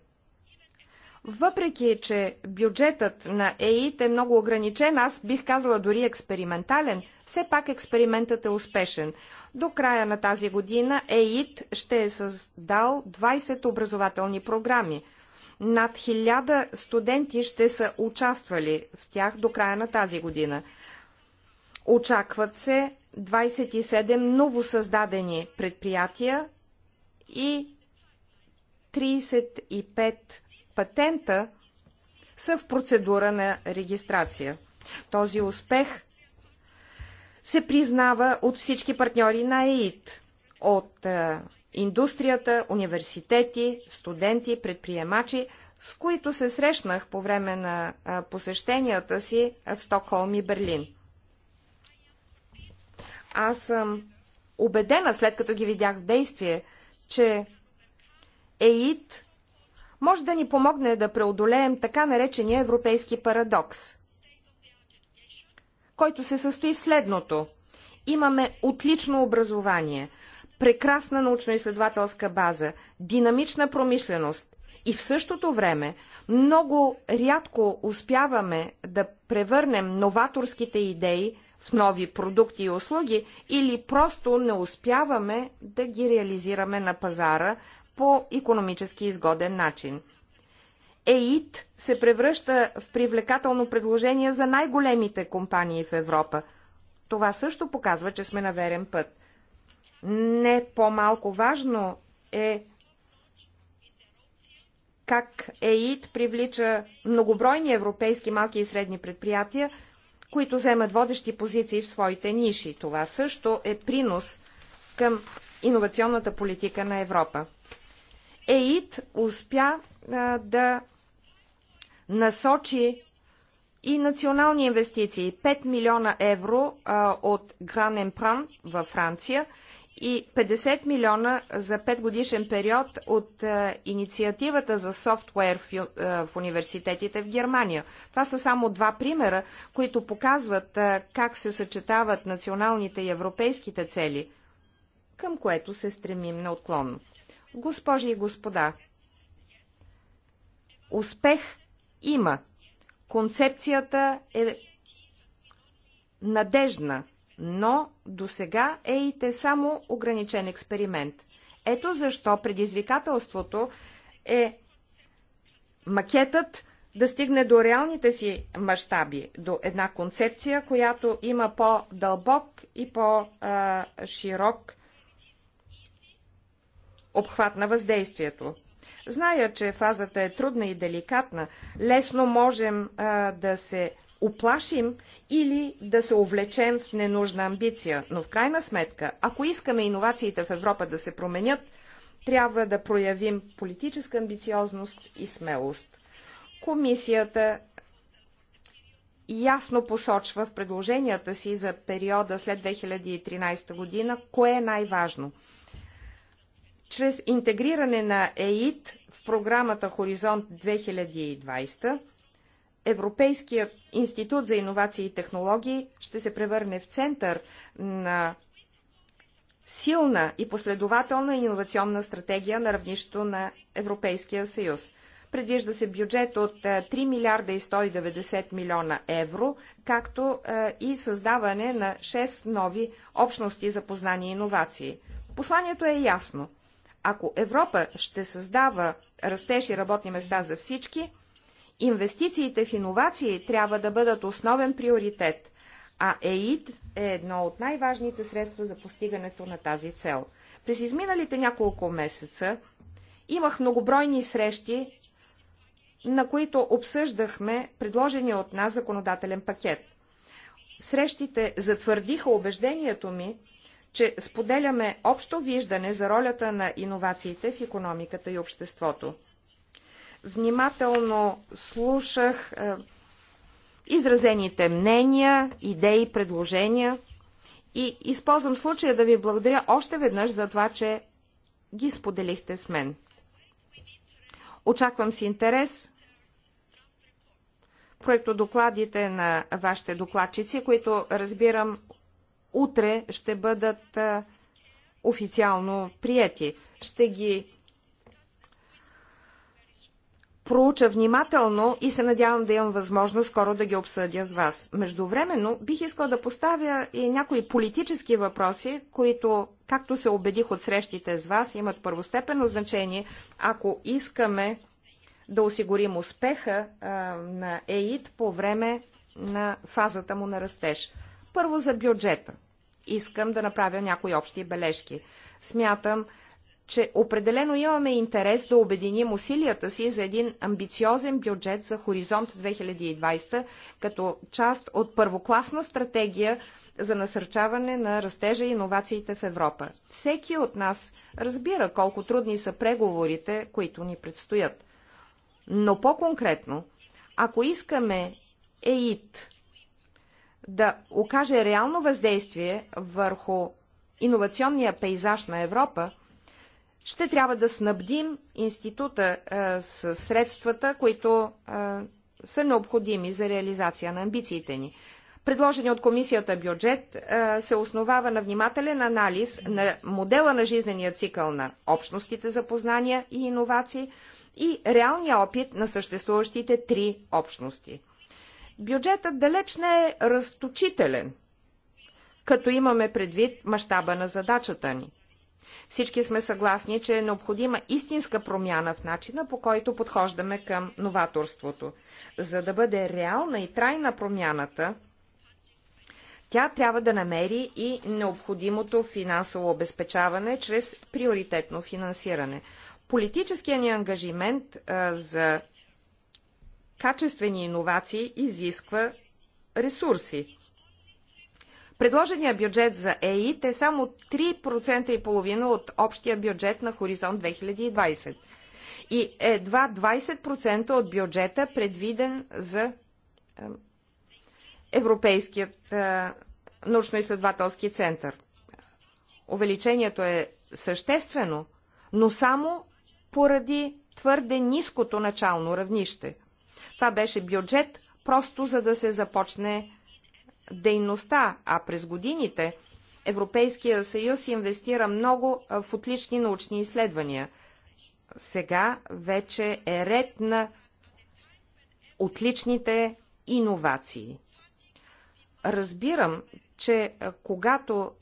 Speaker 3: Въпреки, че бюджетът на ЕИТ е много ограничен, аз бих казала дори експериментален, все пак експериментът е успешен. До края на тази година ЕИТ ще е създал 20 образователни програми. Над 1000 студенти ще са участвали в тях до края на тази година. Очакват се 27 новосъздадени предприятия и 35 патента са в процедура на регистрация. Този успех се признава от всички партньори на ЕИТ, от е, индустрията, университети, студенти, предприемачи, с които се срещнах по време на е, посещенията си в Стокхолм и Берлин. Аз съм убедена, след като ги видях в действие, че ЕИТ може да ни помогне да преодолеем така наречения европейски парадокс, който се състои в следното. Имаме отлично образование, прекрасна научно-изследователска база, динамична промишленост и в същото време много рядко успяваме да превърнем новаторските идеи в нови продукти и услуги или просто не успяваме да ги реализираме на пазара по економически изгоден начин. ЕИТ се превръща в привлекателно предложение за най-големите компании в Европа. Това също показва, че сме на верен път. Не по-малко важно е как ЕИТ привлича многобройни европейски малки и средни предприятия, които вземат водещи позиции в своите ниши. Това също е принос към иновационната политика на Европа. ЕИТ успя а, да насочи и национални инвестиции 5 милиона евро а, от Гран Емпран във Франция и 50 милиона за 5 годишен период от а, инициативата за софтуер в, в университетите в Германия. Това са само два примера, които показват а, как се съчетават националните и европейските цели, към което се стремим неотклонно. Госпожи и господа, успех има. Концепцията е надежна, но до сега е и те само ограничен експеримент. Ето защо предизвикателството е макетът да стигне до реалните си мащаби, до една концепция, която има по-дълбок и по-широк обхват на въздействието. Зная, че фазата е трудна и деликатна, лесно можем а, да се оплашим или да се увлечем в ненужна амбиция. Но в крайна сметка, ако искаме иновациите в Европа да се променят, трябва да проявим политическа амбициозност и смелост. Комисията ясно посочва в предложенията си за периода след 2013 година, кое е най-важно – чрез интегриране на ЕИТ в програмата Хоризонт 2020, Европейският институт за иновации и технологии ще се превърне в център на силна и последователна иновационна стратегия на равнището на Европейския съюз. Предвижда се бюджет от 3 е, милиарда и 190 милиона евро, както е, и създаване на 6 нови общности за познание и иновации. Посланието е ясно. Ако Европа ще създава растеж и работни места за всички, инвестициите в иновации трябва да бъдат основен приоритет, а ЕИД е едно от най-важните средства за постигането на тази цел. През изминалите няколко месеца имах многобройни срещи, на които обсъждахме предложения от нас законодателен пакет. Срещите затвърдиха убеждението ми, че споделяме общо виждане за ролята на иновациите в економиката и обществото. Внимателно слушах е, изразените мнения, идеи, предложения и използвам случая да ви благодаря още веднъж за това, че ги споделихте с мен. Очаквам с интерес проектодокладите на вашите докладчици, които разбирам утре ще бъдат официално прияти. Ще ги проуча внимателно и се надявам да имам възможност скоро да ги обсъдя с вас. Междувременно бих искала да поставя и някои политически въпроси, които, както се убедих от срещите с вас, имат първостепенно значение, ако искаме да осигурим успеха а, на ЕИД по време на фазата му на растеж. Първо за бюджета. Искам да направя някои общи бележки. Смятам, че определено имаме интерес да обединим усилията си за един амбициозен бюджет за Хоризонт 2020, като част от първокласна стратегия за насърчаване на растежа и иновациите в Европа. Всеки от нас разбира колко трудни са преговорите, които ни предстоят. Но по-конкретно, ако искаме ЕИТ да окаже реално въздействие върху иновационния пейзаж на Европа, ще трябва да снабдим института е, с средствата, които е, са необходими за реализация на амбициите ни. Предложения от комисията бюджет е, се основава на внимателен анализ на модела на жизнения цикъл на общностите за познания и иновации и реалния опит на съществуващите три общности – бюджетът далеч не е разточителен, като имаме предвид мащаба на задачата ни. Всички сме съгласни, че е необходима истинска промяна в начина, по който подхождаме към новаторството. За да бъде реална и трайна промяната, тя трябва да намери и необходимото финансово обезпечаване чрез приоритетно финансиране. Политическият ни ангажимент а, за качествени иновации изисква ресурси. Предложеният бюджет за ЕИТ е само 3,5% от общия бюджет на Хоризонт 2020 и едва 20% от бюджета предвиден за Европейският е, научно-изследователски център. Увеличението е съществено, но само поради твърде ниското начално равнище – това беше бюджет, просто за да се започне дейността, а през годините Европейския съюз инвестира много в отлични научни изследвания. Сега вече е ред на отличните иновации. Разбирам, че когато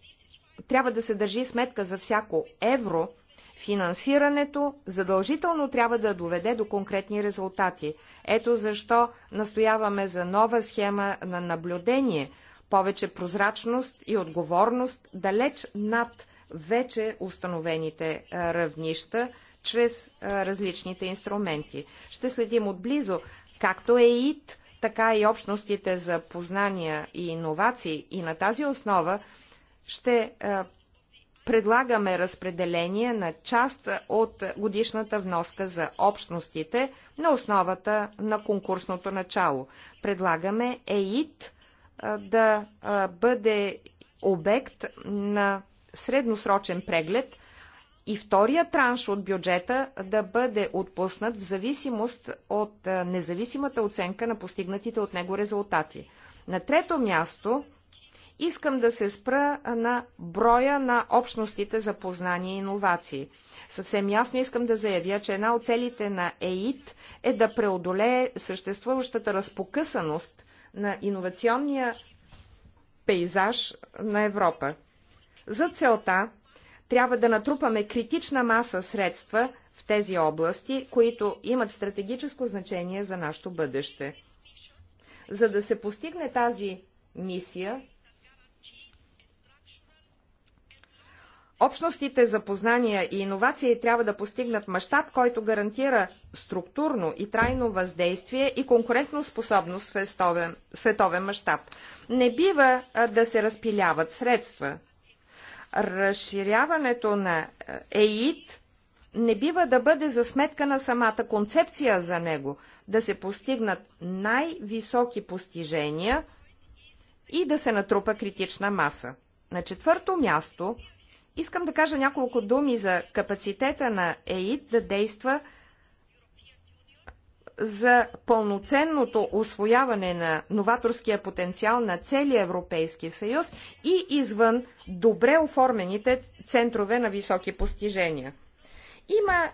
Speaker 3: трябва да се държи сметка за всяко евро, финансирането задължително трябва да доведе до конкретни резултати. Ето защо настояваме за нова схема на наблюдение, повече прозрачност и отговорност далеч над вече установените е, равнища чрез е, различните инструменти. Ще следим отблизо както е ИТ, така и общностите за познания и иновации и на тази основа ще е, предлагаме разпределение на част от годишната вноска за общностите на основата на конкурсното начало. Предлагаме ЕИТ да бъде обект на средносрочен преглед и втория транш от бюджета да бъде отпуснат в зависимост от независимата оценка на постигнатите от него резултати. На трето място Искам да се спра на броя на общностите за познание и иновации. Съвсем ясно искам да заявя, че една от целите на ЕИТ е да преодолее съществуващата разпокъсаност на иновационния пейзаж на Европа. За целта трябва да натрупаме критична маса средства в тези области, които имат стратегическо значение за нашето бъдеще. За да се постигне тази мисия, Общностите за познания и иновации трябва да постигнат мащаб, който гарантира структурно и трайно въздействие и конкурентно способност в световен, световен мащаб. Не бива да се разпиляват средства. Разширяването на ЕИТ не бива да бъде за сметка на самата концепция за него, да се постигнат най-високи постижения и да се натрупа критична маса. На четвърто място Искам да кажа няколко думи за капацитета на ЕИД да действа за пълноценното освояване на новаторския потенциал на целия Европейски съюз и извън добре оформените центрове на високи постижения. Има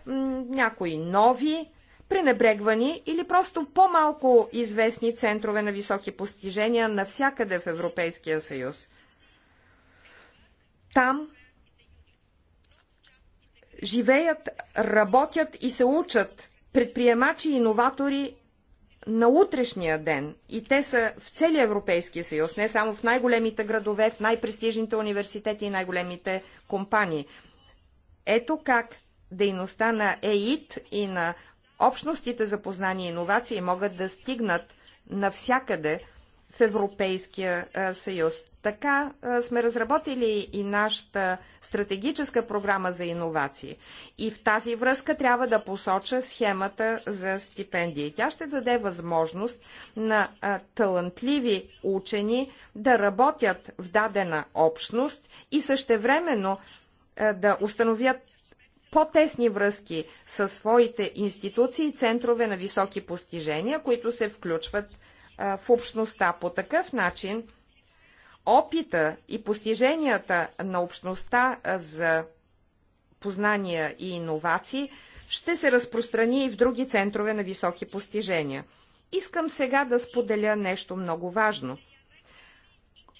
Speaker 3: някои нови, пренебрегвани или просто по-малко известни центрове на високи постижения навсякъде в Европейския съюз. Там живеят, работят и се учат предприемачи и иноватори на утрешния ден. И те са в целия Европейския съюз, не само в най-големите градове, в най-престижните университети и най-големите компании. Ето как дейността на ЕИТ и на общностите за познание и иновации могат да стигнат навсякъде – в Европейския съюз. Така сме разработили и нашата стратегическа програма за иновации. И в тази връзка трябва да посоча схемата за стипендии. Тя ще даде възможност на талантливи учени да работят в дадена общност и същевременно да установят по-тесни връзки със своите институции и центрове на високи постижения, които се включват в общността. По такъв начин опита и постиженията на общността за познания и иновации ще се разпространи и в други центрове на високи постижения. Искам сега да споделя нещо много важно.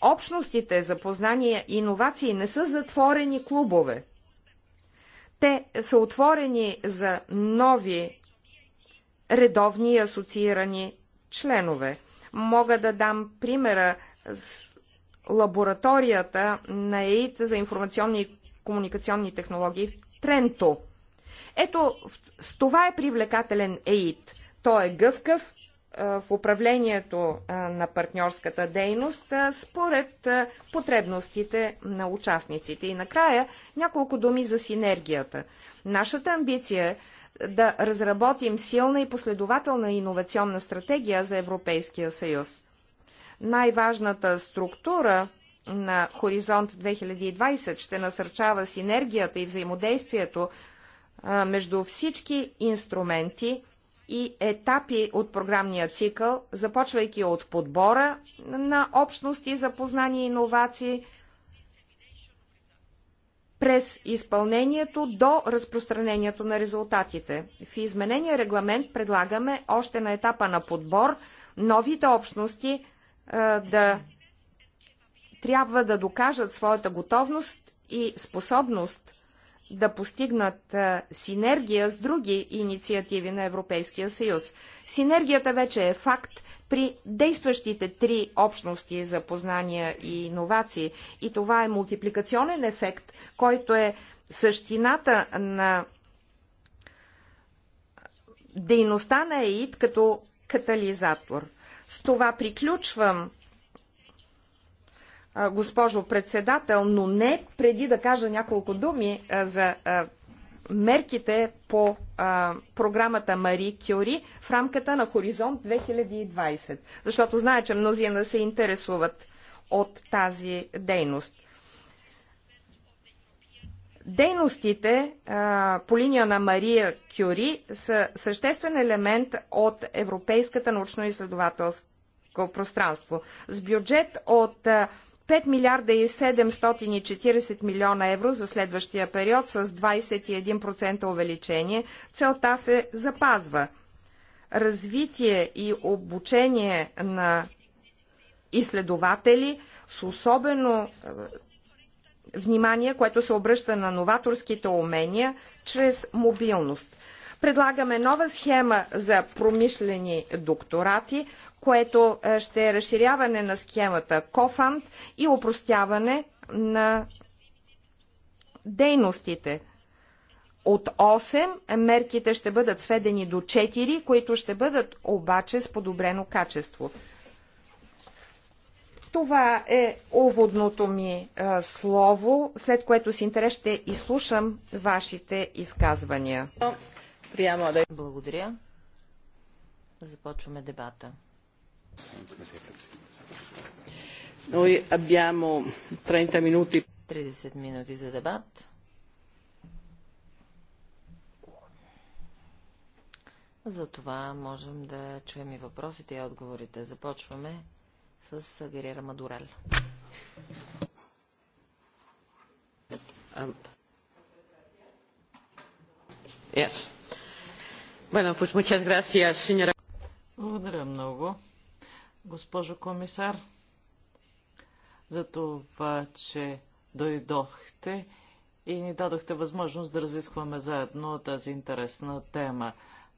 Speaker 3: Общностите за познания и иновации не са затворени клубове. Те са отворени за нови редовни и асоциирани членове. Мога да дам примера с лабораторията на ЕИТ за информационни и комуникационни технологии в Тренто. Ето, с това е привлекателен ЕИТ. Той е гъвкав в управлението на партньорската дейност според потребностите на участниците. И накрая няколко думи за синергията. Нашата амбиция е да разработим силна и последователна иновационна стратегия за Европейския съюз. Най-важната структура на Хоризонт 2020 ще насърчава синергията и взаимодействието между всички инструменти и етапи от програмния цикъл, започвайки от подбора на общности за познание и иновации – през изпълнението до разпространението на резултатите. В изменения регламент предлагаме още на етапа на подбор новите общности е, да трябва да докажат своята готовност и способност да постигнат е, синергия с други инициативи на Европейския съюз. Синергията вече е факт при действащите три общности за познания и иновации. И това е мултипликационен ефект, който е същината на дейността на ЕИД като катализатор. С това приключвам, госпожо председател, но не преди да кажа няколко думи за мерките по а, програмата Мари Кюри в рамката на Хоризонт 2020, защото знае, че мнозина се интересуват от тази дейност. Дейностите а, по линия на Мария Кюри са съществен елемент от европейската научно-изследователска пространство. С бюджет от а, 5 милиарда и 740 милиона евро за следващия период с 21% увеличение. Целта се запазва. Развитие и обучение на изследователи с особено е, внимание, което се обръща на новаторските умения чрез мобилност. Предлагаме нова схема за промишлени докторати, което е, ще е разширяване на схемата Кофанд и упростяване на дейностите. От 8 е, мерките ще бъдат сведени до 4, които ще бъдат обаче с подобрено качество. Това е уводното ми а, е, слово, след което с интерес ще изслушам вашите изказвания. Благодаря.
Speaker 2: Започваме дебата. Noi abbiamo 30 minuti. 30 минути за дебат. Затова можем да чуем и въпросите и отговорите. Започваме с Герера Мадурел.
Speaker 1: Yes. Bueno, pues muchas gracias, señora. Благодаря много госпожо комисар, за това, че дойдохте и ни дадохте възможност да разискваме заедно тази интересна тема.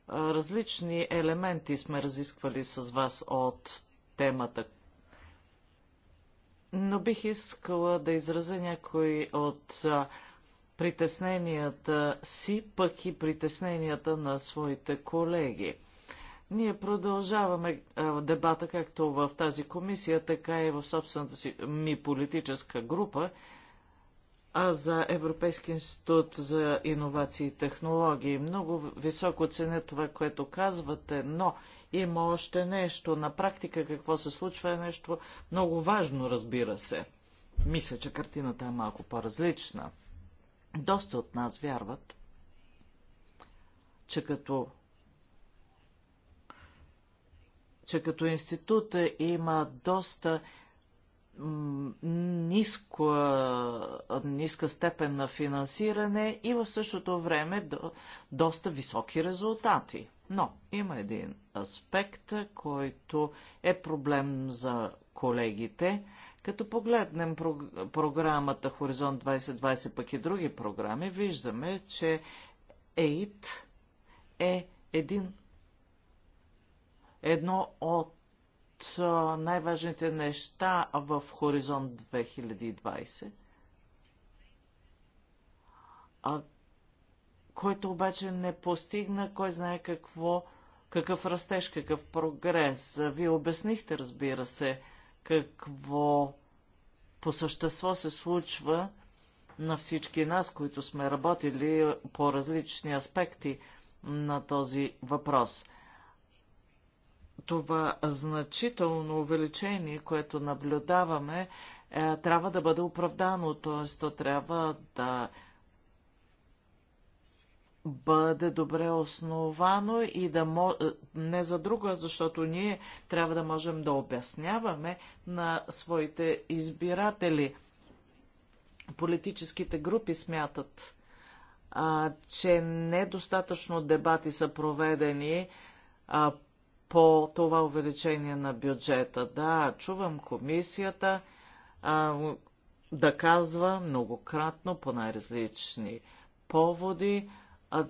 Speaker 1: Различни елементи сме разисквали с вас от темата. Но бих искала да изразя някои от притесненията си, пък и притесненията на своите колеги. Ние продължаваме а, дебата както в тази комисия, така и в собствената си ми политическа група а за Европейски институт за иновации и технологии. Много високо ценя това, което казвате, но има още нещо. На практика какво се случва е нещо много важно, разбира се. Мисля, че картината е малко по-различна. Доста от нас вярват, че като че като институт има доста ниска, ниска степен на финансиране и в същото време до, доста високи резултати. Но има един аспект, който е проблем за колегите. Като погледнем програмата Хоризонт 2020, пък и други програми, виждаме, че ЕИТ е един едно от най-важните неща в Хоризонт 2020, а, който обаче не постигна кой знае какво, какъв растеж, какъв прогрес. Вие обяснихте, разбира се, какво по същество се случва на всички нас, които сме работили по различни аспекти на този въпрос – това значително увеличение, което наблюдаваме, е, трябва да бъде оправдано, т.е. то трябва да бъде добре основано и да е, не за друго, защото ние трябва да можем да обясняваме на своите избиратели. Политическите групи смятат, а, че недостатъчно дебати са проведени а, по това увеличение на бюджета. Да, чувам комисията а, да казва многократно по най-различни поводи, а,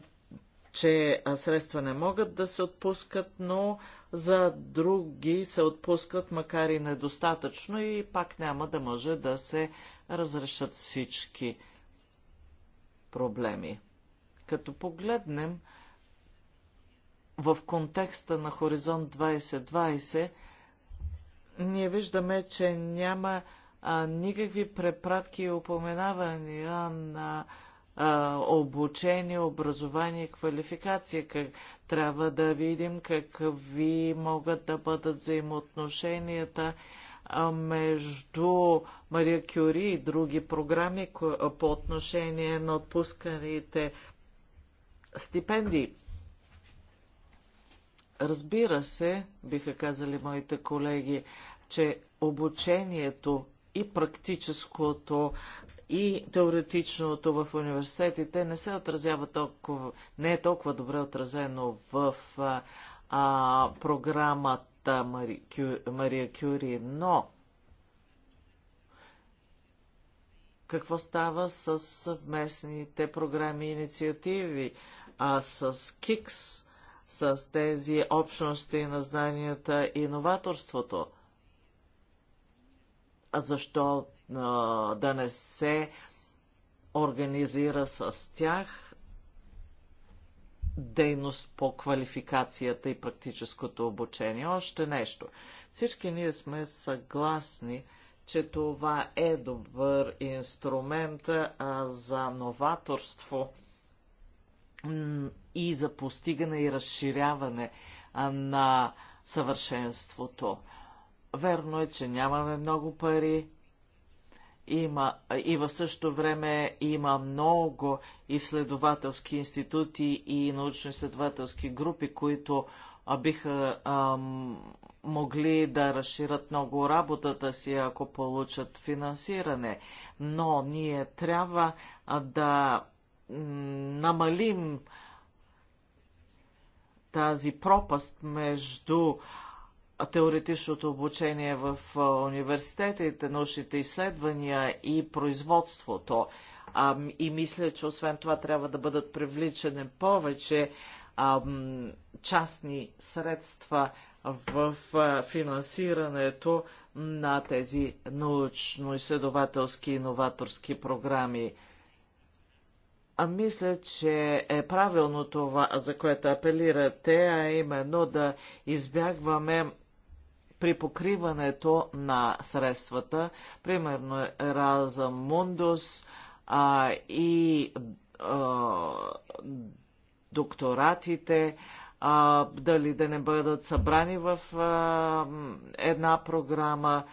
Speaker 1: че средства не могат да се отпускат, но за други се отпускат, макар и недостатъчно, и пак няма да може да се разрешат всички проблеми. Като погледнем в контекста на Хоризонт 2020, ние виждаме, че няма а, никакви препратки и упоменавания на а, обучение, образование, квалификация. Как, трябва да видим какви могат да бъдат взаимоотношенията между Мария Кюри и други програми по отношение на отпусканите стипендии. Разбира се, биха казали моите колеги, че обучението и практическото, и теоретичното в университетите не се отразява толкова, не е толкова добре отразено в а, а, програмата Мари, Кю, Мария Кюри, но какво става с съвместните програми и инициативи, а с КИКС, с тези общности на знанията и новаторството. Защо а, да не се организира с тях дейност по квалификацията и практическото обучение? Още нещо. Всички ние сме съгласни, че това е добър инструмент а, за новаторство и за постигане и разширяване на съвършенството. Верно е, че нямаме много пари. Има, и в същото време има много изследователски институти и научно-изследователски групи, които биха ам, могли да разширят много работата си, ако получат финансиране. Но ние трябва да намалим тази пропаст между теоретичното обучение в университетите, научните изследвания и производството. А, и мисля, че освен това трябва да бъдат привличани повече а, частни средства в финансирането на тези научно-изследователски и новаторски програми мисля, че е правилно това, за което апелирате, а именно да избягваме при покриването на средствата, примерно Раза Мундус а, и а, докторатите, а, дали да не бъдат събрани в а, една програма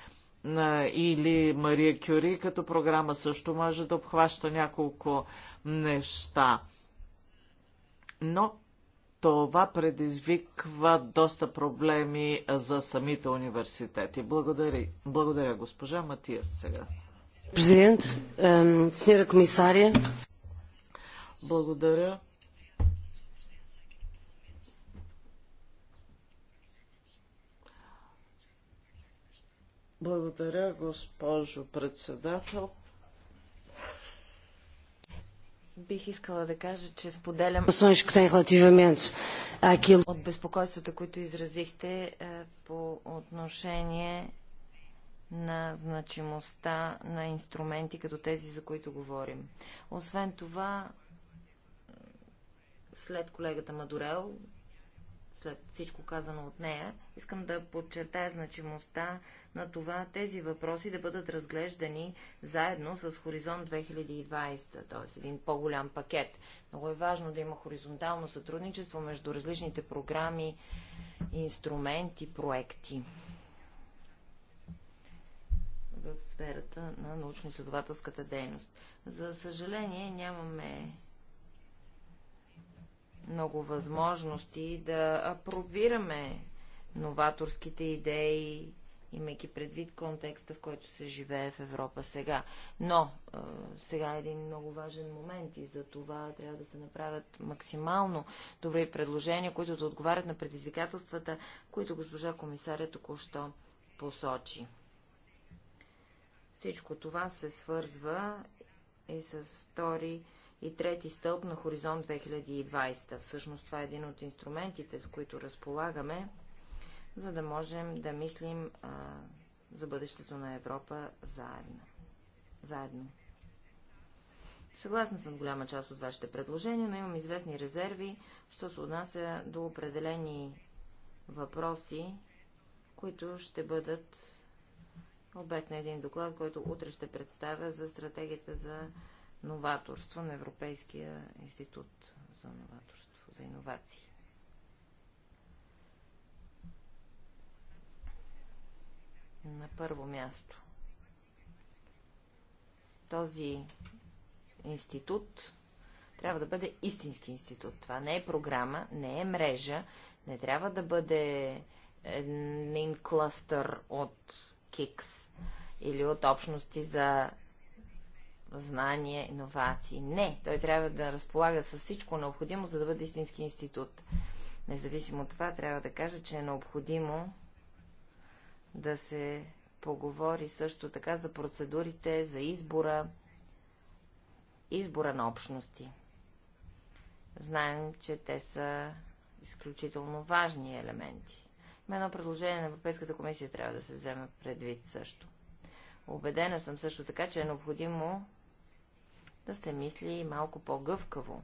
Speaker 1: или Мария Кюри, като програма също може да обхваща няколко неща. Но това предизвиква доста проблеми за самите университети. Благодаря, благодаря госпожа Матиас сега.
Speaker 2: Президент, сеньора комисария.
Speaker 1: Благодаря. Благодаря, госпожо председател. Бих
Speaker 2: искала да кажа, че споделям
Speaker 3: е от
Speaker 2: безпокойствата, които изразихте е, по отношение на значимостта на инструменти, като тези, за които говорим. Освен това, след колегата Мадурел, след всичко казано от нея, искам да подчертая значимостта на това тези въпроси да бъдат разглеждани заедно с Хоризонт 2020, т.е. един по-голям пакет. Много е важно да има хоризонтално сътрудничество между различните програми, инструменти, проекти в сферата на научно-изследователската дейност. За съжаление, нямаме много възможности да апробираме новаторските идеи, имайки предвид контекста, в който се живее в Европа сега. Но сега е един много важен момент и за това трябва да се направят максимално добри предложения, които да отговарят на предизвикателствата, които госпожа комисаря току-що посочи. Всичко това се свързва и с втори и трети стълб на Хоризонт 2020. Всъщност това е един от инструментите, с които разполагаме, за да можем да мислим а, за бъдещето на Европа заедно. заедно. Съгласна съм с голяма част от вашите предложения, но имам известни резерви, що се отнася до определени въпроси, които ще бъдат обект на един доклад, който утре ще представя за стратегията за новаторство на Европейския институт за новаторство, за иновации. на първо място. Този институт трябва да бъде истински институт. Това не е програма, не е мрежа, не трябва да бъде един клъстър от кикс или от общности за знание, иновации. Не, той трябва да разполага с всичко необходимо, за да бъде истински институт. Независимо от това, трябва да кажа, че е необходимо да се поговори също така за процедурите, за избора, избора на общности. Знаем, че те са изключително важни елементи. едно предложение на Европейската комисия трябва да се вземе предвид също. Обедена съм също така, че е необходимо да се мисли малко по-гъвкаво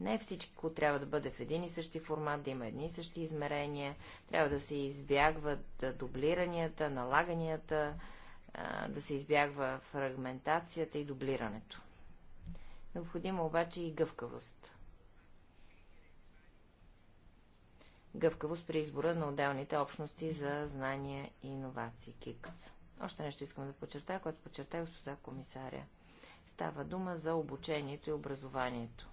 Speaker 2: не всичко трябва да бъде в един и същи формат, да има едни и същи измерения, трябва да се избягват дублиранията, налаганията, да се избягва фрагментацията и дублирането. Необходима обаче и гъвкавост. Гъвкавост при избора на отделните общности за знания и иновации. КИКС. Още нещо искам да подчертая, което подчертая госпожа комисаря. Става дума за обучението и образованието.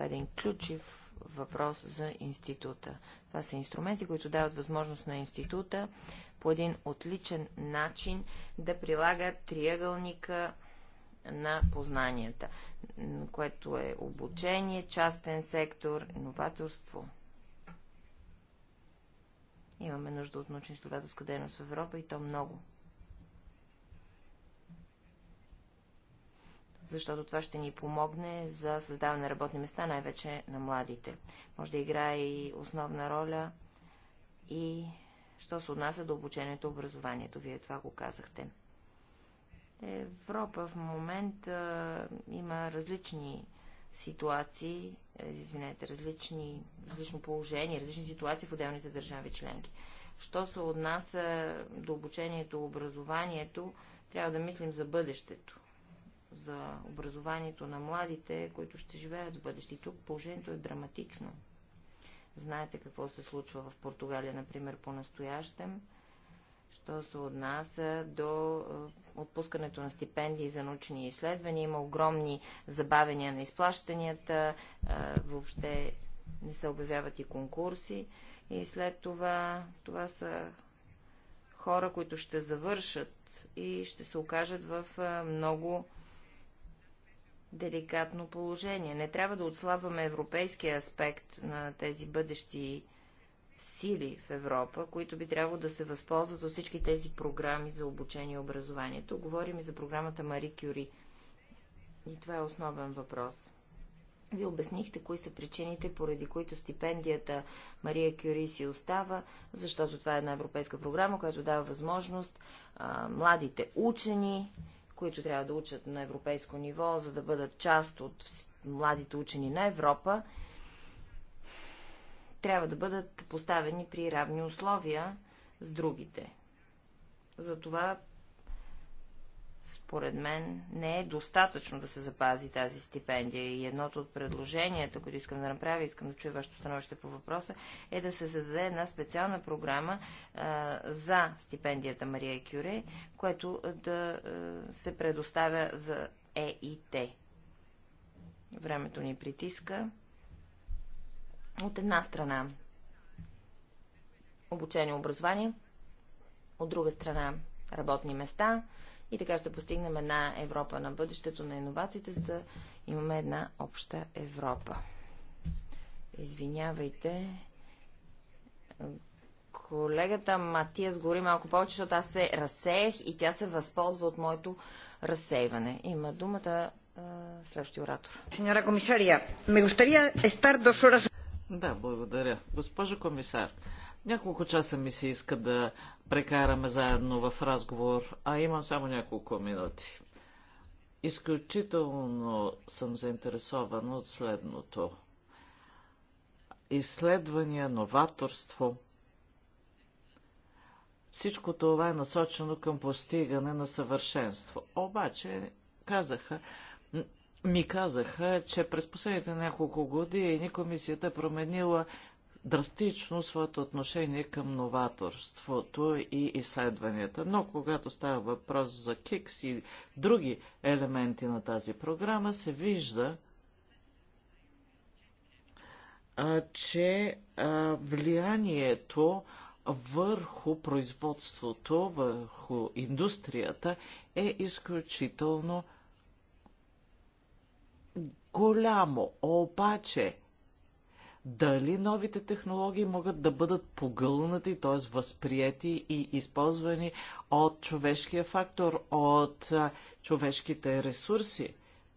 Speaker 2: Това е един ключов въпрос за института. Това са инструменти, които дават възможност на института по един отличен начин да прилага триъгълника на познанията, което е обучение, частен сектор, иноваторство. Имаме нужда от научно-изследователска дейност в Европа и то много. защото това ще ни помогне за създаване на работни места, най-вече на младите. Може да играе и основна роля и що се отнася до обучението и образованието. Вие това го казахте. Европа в а, има различни ситуации, е, извинете, различни, различно положение, различни ситуации в отделните държави членки. Що се отнася до обучението, образованието, трябва да мислим за бъдещето за образованието на младите, които ще живеят в бъдеще. Тук положението е драматично. Знаете какво се случва в Португалия, например, по-настоящем, що се отнася до е, отпускането на стипендии за научни изследвания. Има огромни забавения на изплащанията, е, въобще не се обявяват и конкурси. И след това, това са хора, които ще завършат и ще се окажат в е, много деликатно положение. Не трябва да отслабваме европейския аспект на тези бъдещи сили в Европа, които би трябвало да се възползват от всички тези програми за обучение и образованието. Говорим и за програмата Мари Кюри. И това е основен въпрос. Ви обяснихте кои са причините, поради които стипендията Мария Кюри си остава, защото това е една европейска програма, която дава възможност а, младите учени които трябва да учат на европейско ниво, за да бъдат част от младите учени на Европа, трябва да бъдат поставени при равни условия с другите. Затова според мен, не е достатъчно да се запази тази стипендия. И едното от предложенията, които искам да направя, искам да чуя вашето становище по въпроса, е да се създаде една специална програма а, за стипендията Мария Кюре, което да а, се предоставя за ЕИТ. Времето ни притиска. От една страна обучение и образование, от друга страна работни места, и така ще постигнем една Европа на бъдещето на иновациите, за да имаме една обща Европа. Извинявайте. Колегата Матия сгори малко повече, защото аз се разсеях и тя се възползва от моето разсейване. Има думата следващия оратор.
Speaker 3: Сеньора комисария, ме гостария естар до
Speaker 1: Да, благодаря. Госпожо комисар, няколко часа ми се иска да прекараме заедно в разговор, а имам само няколко минути. Изключително съм заинтересован от следното. Изследвания, новаторство. Всичко това е насочено към постигане на съвършенство. Обаче, казаха, ми казаха, че през последните няколко години комисията е променила драстично своето отношение към новаторството и изследванията. Но когато става въпрос за КИКС и други елементи на тази програма, се вижда, че влиянието върху производството, върху индустрията е изключително голямо. Обаче, дали новите технологии могат да бъдат погълнати, т.е. възприяти и използвани от човешкия фактор, от човешките ресурси.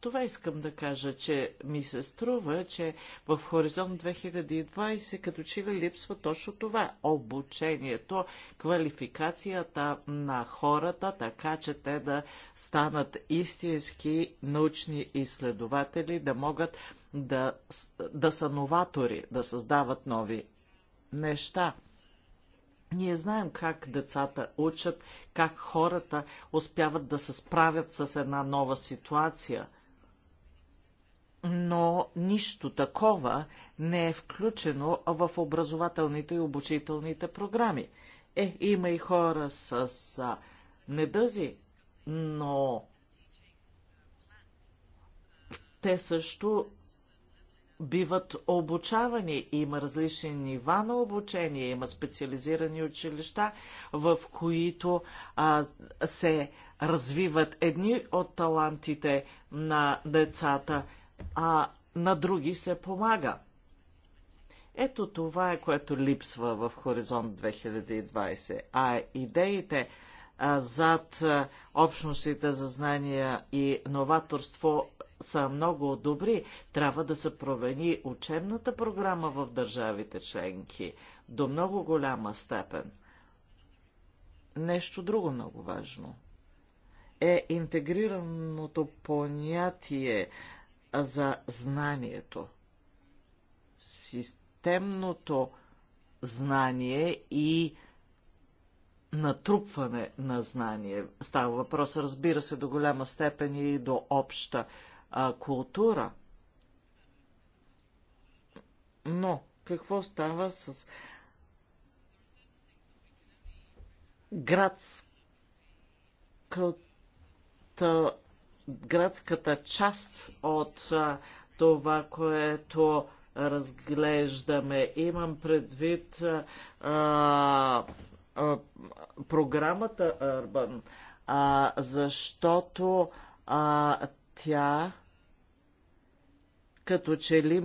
Speaker 1: Това искам да кажа, че ми се струва, че в Хоризонт 2020 като че ли липсва точно това – обучението, квалификацията на хората, така че те да станат истински научни изследователи, да могат да, да са новатори, да създават нови неща. Ние знаем как децата учат, как хората успяват да се справят с една нова ситуация. Но нищо такова не е включено в образователните и обучителните програми. Е, има и хора с, с недъзи, но те също биват обучавани. Има различни нива на обучение, има специализирани училища, в които а, се развиват едни от талантите на децата, а на други се помага. Ето това е, което липсва в Хоризонт 2020, а идеите зад общностите за знания и новаторство са много добри. Трябва да се провени учебната програма в държавите членки до много голяма степен. Нещо друго много важно е интегрираното понятие за знанието. Системното знание и натрупване на знание. Става въпрос, разбира се, до голяма степен и до обща а, култура. Но какво става с градската, градската част от а, това, което разглеждаме. Имам предвид а, а, програмата Urban, а, защото а, тя като че ли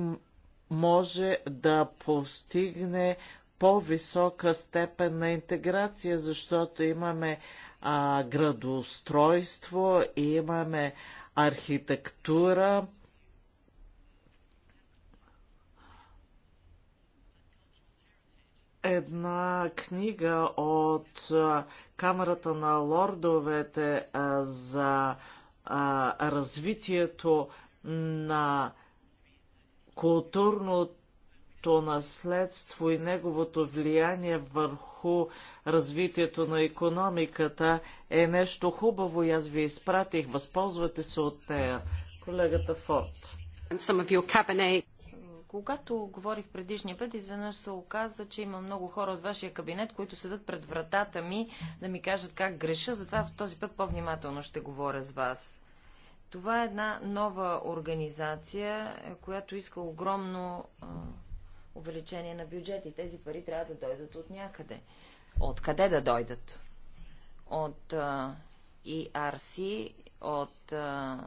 Speaker 1: може да постигне по-висока степен на интеграция, защото имаме а, градоустройство, имаме архитектура, една книга от Камерата на лордовете за развитието на културното наследство и неговото влияние върху развитието на економиката е нещо хубаво и аз ви изпратих. Възползвате се от нея. Колегата Форд.
Speaker 2: Когато говорих предишния път, изведнъж се оказа, че има много хора от вашия кабинет, които седат пред вратата ми да ми кажат как греша, затова в този път по-внимателно ще говоря с вас. Това е една нова организация, е, която иска огромно а, увеличение на бюджети. Тези пари трябва да дойдат от някъде. От къде да дойдат? От а, ERC, от а,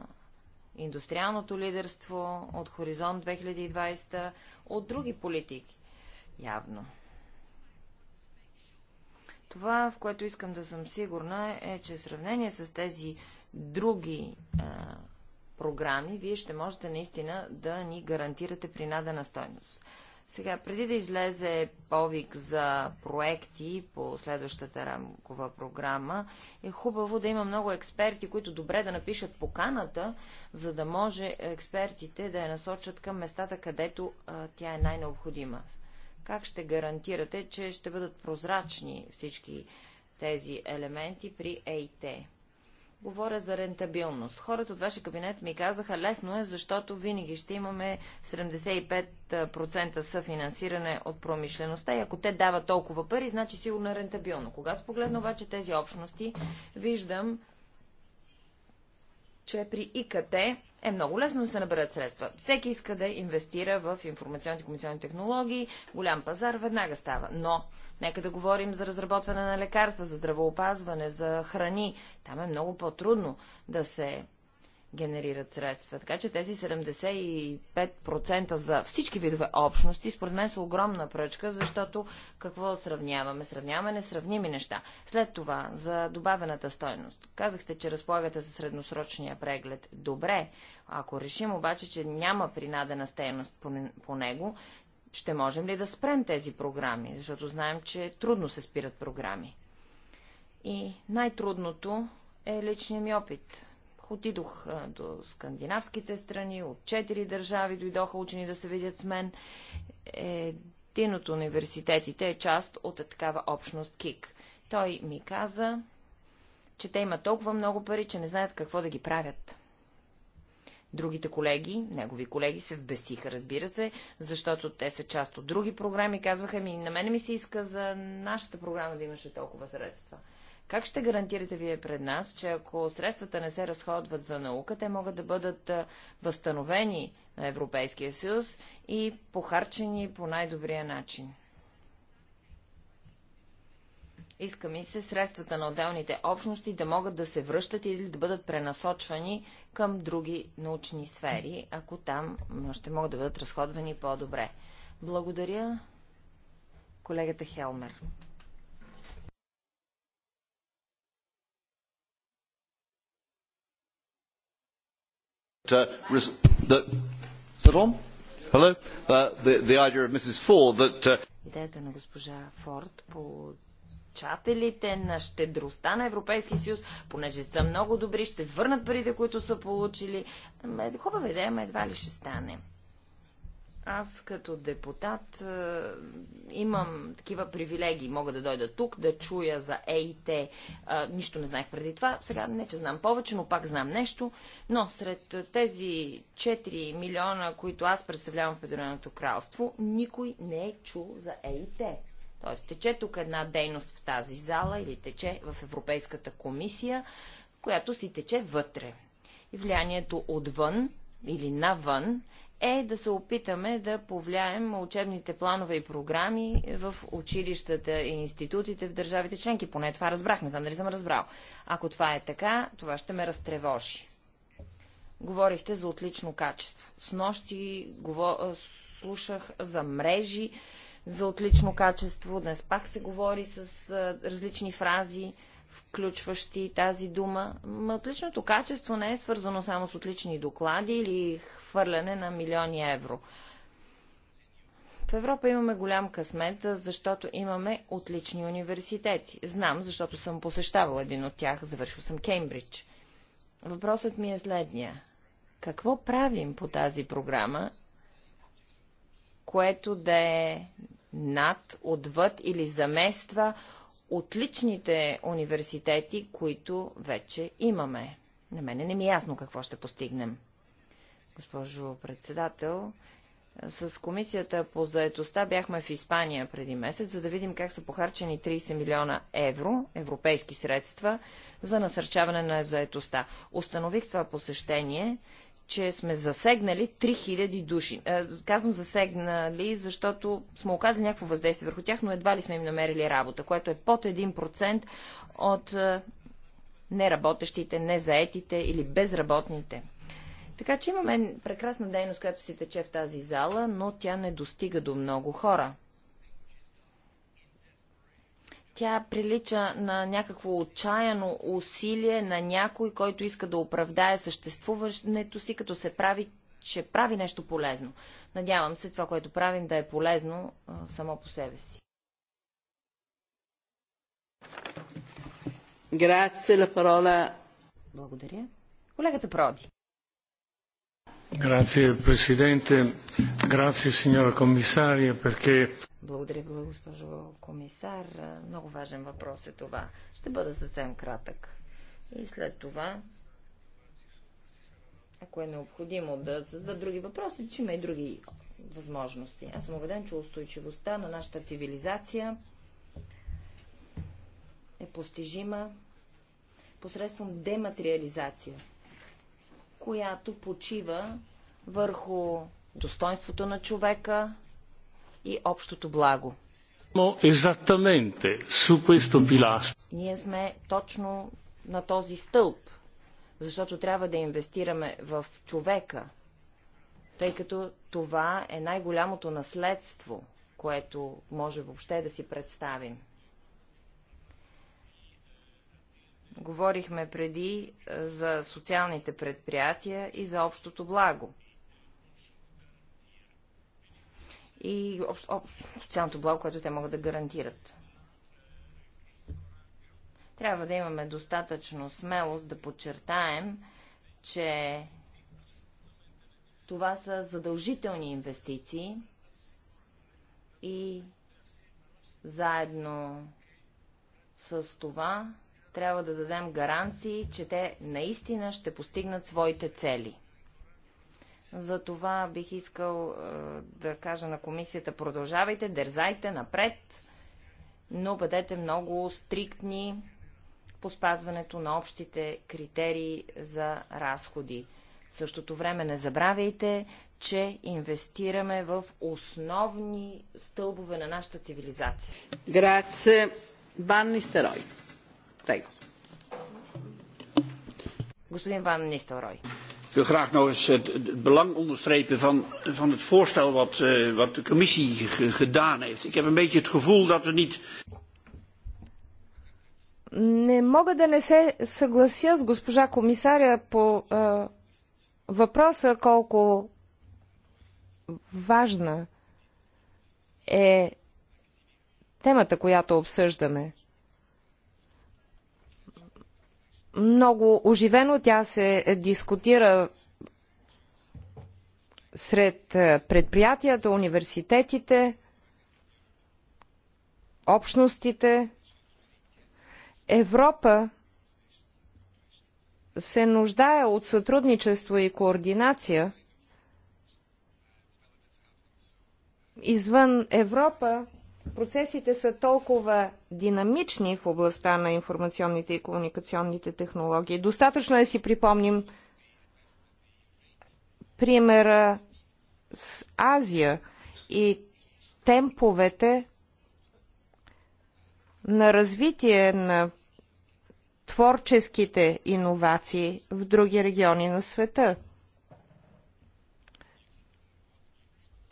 Speaker 2: индустриалното лидерство, от Хоризонт 2020, от други политики. Явно. Това, в което искам да съм сигурна, е, че в сравнение с тези други а, програми, вие ще можете наистина да ни гарантирате принадена стойност. Сега, преди да излезе повик за проекти по следващата рамкова програма, е хубаво да има много експерти, които добре да напишат поканата, за да може експертите да я насочат към местата, където а, тя е най-необходима. Как ще гарантирате, че ще бъдат прозрачни всички тези елементи при ЕИТ? Говоря за рентабилност. Хората от вашия кабинет ми казаха, лесно е, защото винаги ще имаме 75% съфинансиране от промишлеността и ако те дават толкова пари, значи сигурно е рентабилно. Когато погледна обаче тези общности, виждам, че при ИКТ е много лесно да се наберат средства. Всеки иска да инвестира в информационни и комисионни технологии, голям пазар веднага става. Но Нека да говорим за разработване на лекарства, за здравоопазване, за храни. Там е много по-трудно да се генерират средства. Така че тези 75% за всички видове общности, според мен са огромна пръчка, защото какво сравняваме? Сравняваме несравними неща. След това, за добавената стойност. Казахте, че разполагате за средносрочния преглед. Добре, ако решим обаче, че няма принадена стейност по него, ще можем ли да спрем тези програми, защото знаем, че трудно се спират програми. И най-трудното е личният ми опит. Отидох до скандинавските страни, от четири държави дойдоха учени да се видят с мен. Един от университетите е част от такава общност КИК. Той ми каза, че те имат толкова много пари, че не знаят какво да ги правят. Другите колеги, негови колеги, се вбесиха, разбира се, защото те са част от други програми. Казваха ми, на мене ми се иска за нашата програма да имаше толкова средства. Как ще гарантирате вие пред нас, че ако средствата не се разходват за наука, те могат да бъдат възстановени на Европейския съюз и похарчени по най-добрия начин? Иска ми се средствата на отделните общности да могат да се връщат или да бъдат пренасочвани към други научни сфери, ако там ще могат да бъдат разходвани по-добре. Благодаря колегата Хелмер. Uh, uh, Идеята на госпожа Форд по чателите на щедростта на Европейския съюз, понеже са много добри, ще върнат парите, които са получили. Е, хубава идея, ама едва ли ще стане. Аз като депутат е, имам такива привилегии. Мога да дойда тук, да чуя за ЕИТ. Е, нищо не знаех преди това. Сега не, че знам повече, но пак знам нещо. Но сред тези 4 милиона, които аз представлявам в Федералното кралство, никой не е чул за ЕИТ. Т.е. тече тук една дейност в тази зала или тече в Европейската комисия, която си тече вътре. И влиянието отвън или навън е да се опитаме да повлияем учебните планове и програми в училищата и институтите в държавите членки. Поне това разбрах, не знам дали съм разбрал. Ако това е така, това ще ме разтревожи. Говорихте за отлично качество. С нощи говор... слушах за мрежи за отлично качество. Днес пак се говори с различни фрази, включващи тази дума. Но отличното качество не е свързано само с отлични доклади или хвърляне на милиони евро. В Европа имаме голям късмет, защото имаме отлични университети. Знам, защото съм посещавал един от тях, завършил съм Кембридж. Въпросът ми е следния. Какво правим по тази програма което да е над, отвъд или замества отличните университети, които вече имаме. На мене не ми е ясно какво ще постигнем. Госпожо председател, с комисията по заедостта бяхме в Испания преди месец, за да видим как са похарчени 30 милиона евро, европейски средства, за насърчаване на заедостта. Установих това посещение, че сме засегнали 3000 души. Е, казвам засегнали, защото сме оказали някакво въздействие върху тях, но едва ли сме им намерили работа, което е под 1% от е, неработещите, незаетите или безработните. Така че имаме прекрасна дейност, която си тече в тази зала, но тя не достига до много хора. Тя прилича на някакво отчаяно усилие на някой, който иска да оправдае съществуването си, като се прави, че прави нещо полезно. Надявам се това, което правим, да е полезно а, само по себе си.
Speaker 1: Грация la parola.
Speaker 2: Благодаря. Колегата Проди.
Speaker 1: Grazie Presidente, grazie signora Commissaria perché...
Speaker 2: Благодаря, благодаря, госпожо комисар. Много важен въпрос е това. Ще бъда съвсем кратък. И след това, ако е необходимо да създадат други въпроси, че има и други възможности. Аз съм убеден, че устойчивостта на нашата цивилизация е постижима посредством дематериализация, която почива върху достоинството на човека, и общото благо. Ние сме точно на този стълб, защото трябва да инвестираме в човека, тъй като това е най-голямото наследство, което може въобще да си представим. Говорихме преди за социалните предприятия и за общото благо. и социалното благо, което те могат да гарантират. Трябва да имаме достатъчно смелост да подчертаем, че това са задължителни инвестиции и заедно с това трябва да дадем гаранции, че те наистина ще постигнат своите цели. За това бих искал е, да кажа на комисията, продължавайте, дързайте напред, но бъдете много стриктни по спазването на общите критерии за разходи. В същото време не забравяйте, че инвестираме в основни стълбове на нашата цивилизация.
Speaker 1: Грация, Ван Нистерой.
Speaker 2: Господин Ван Нистерой
Speaker 1: wil graag nog eens het, belang onderstrepen van, van het voorstel wat, wat de commissie gedaan heeft. Ik heb een beetje het gevoel dat we niet.
Speaker 3: Не мога да не се съглася с госпожа комисаря по а, въпроса колко важна е темата, която обсъждаме. много оживено. Тя се дискутира сред е, предприятията, университетите, общностите. Европа се нуждае от сътрудничество и координация. Извън Европа процесите са толкова динамични в областта на информационните и комуникационните технологии. Достатъчно е да си припомним примера с Азия и темповете на развитие на творческите иновации в други региони на света –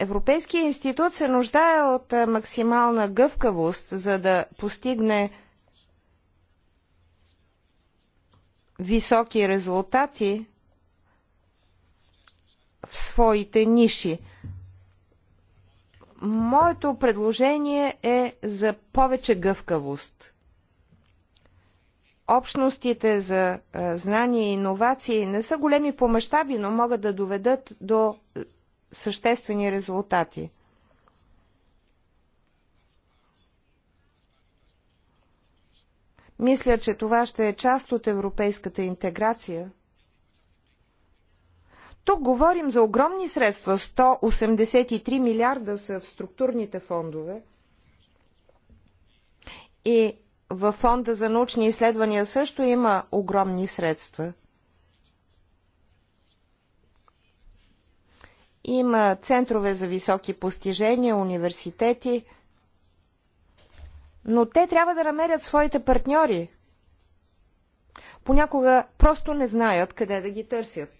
Speaker 3: Европейския институт се нуждае от максимална гъвкавост, за да постигне високи резултати в своите ниши. Моето предложение е за повече гъвкавост. Общностите за знания и иновации не са големи по мащаби, но могат да доведат до съществени резултати. Мисля, че това ще е част от европейската интеграция. Тук говорим за огромни средства. 183 милиарда са в структурните фондове. И във фонда за научни изследвания също има огромни средства – Има центрове за високи постижения, университети, но те трябва да намерят своите партньори. Понякога просто не знаят къде да ги търсят.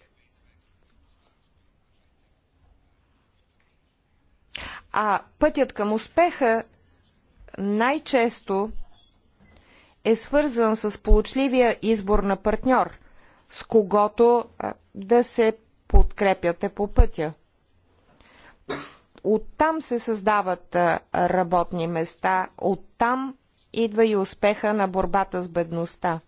Speaker 3: А пътят към успеха най-често е свързан с получливия избор на партньор, с когото да се подкрепяте по пътя. Оттам се създават работни места, оттам идва и успеха на борбата с бедността.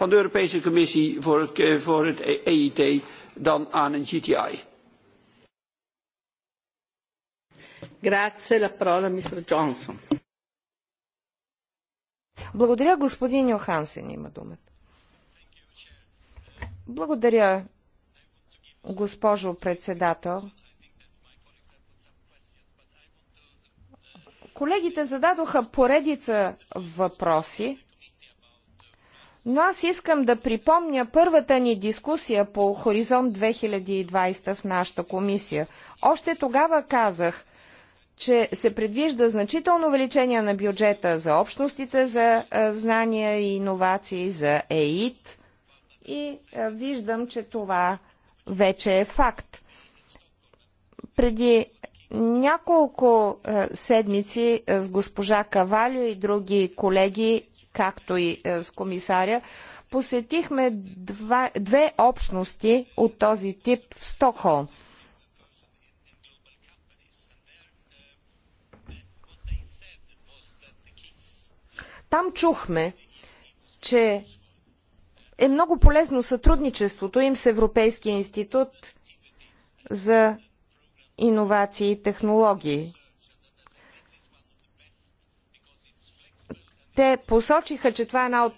Speaker 1: Van de Europese Commissie voor het, eh, voor het EIT e dan aan een GTI. Grazie, la parola Mr. Johnson.
Speaker 3: Благодаря, господин Йохансен има думата. Благодаря, госпожо председател. Колегите зададоха поредица въпроси, но аз искам да припомня първата ни дискусия по Хоризонт 2020 в нашата комисия. Още тогава казах, че се предвижда значително увеличение на бюджета за общностите за знания и иновации, за ЕИТ. И виждам, че това вече е факт. Преди няколко е, седмици е, с госпожа Кавалио и други колеги, както и е, с комисаря, посетихме два, две общности от този тип в Стокхолм. Там чухме, че е много полезно сътрудничеството им с Европейския институт за иновации и технологии. Те посочиха, че това е една от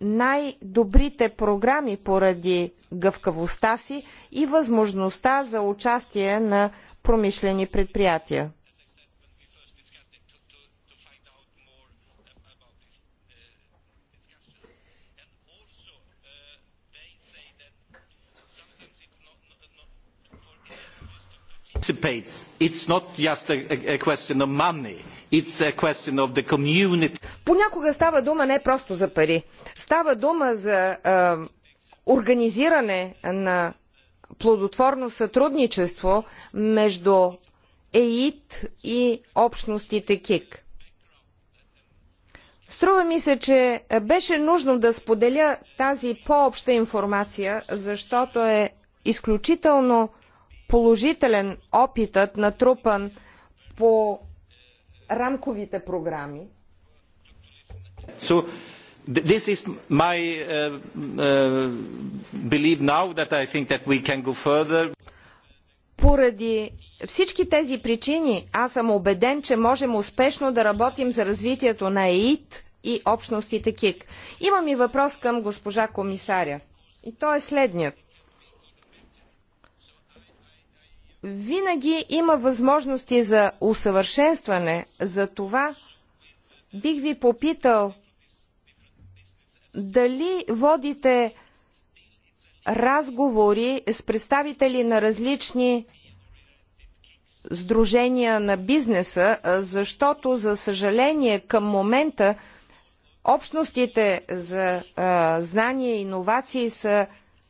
Speaker 3: най-добрите програми поради гъвкавостта си и възможността за участие на промишлени предприятия. participates, it's not just a,
Speaker 2: a question of money. It's a question of the community.
Speaker 3: Понякога става дума не просто за пари. Става дума за организиране на плодотворно сътрудничество между ЕИТ и общностите КИК. Струва ми се, че беше нужно да споделя тази по-обща информация, защото е изключително положителен опитът натрупан по рамковите програми.
Speaker 1: So, this is my uh, uh, belief now that I think that we can go further.
Speaker 3: Поради всички тези причини аз съм убеден, че можем успешно да работим за развитието на ЕИТ и общностите КИК. Имам и въпрос към госпожа комисаря. И то е следният. Винаги има възможности за усъвършенстване, за това бих ви попитал дали водите разговори с представители на различни сдружения на бизнеса, защото, за съжаление, към момента общностите за знания и иновации са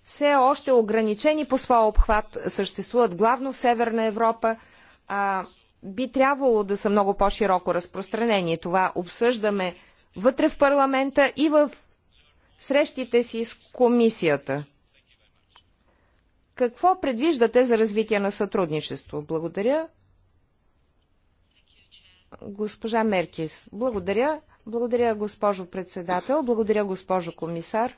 Speaker 3: все още ограничени по своя обхват, съществуват главно в Северна Европа, а би трябвало да са много по-широко разпространени. Това обсъждаме вътре в парламента и в срещите си с комисията. Какво предвиждате за развитие на сътрудничество? Благодаря. Госпожа Меркис, благодаря. Благодаря, госпожо председател. Благодаря, госпожо комисар.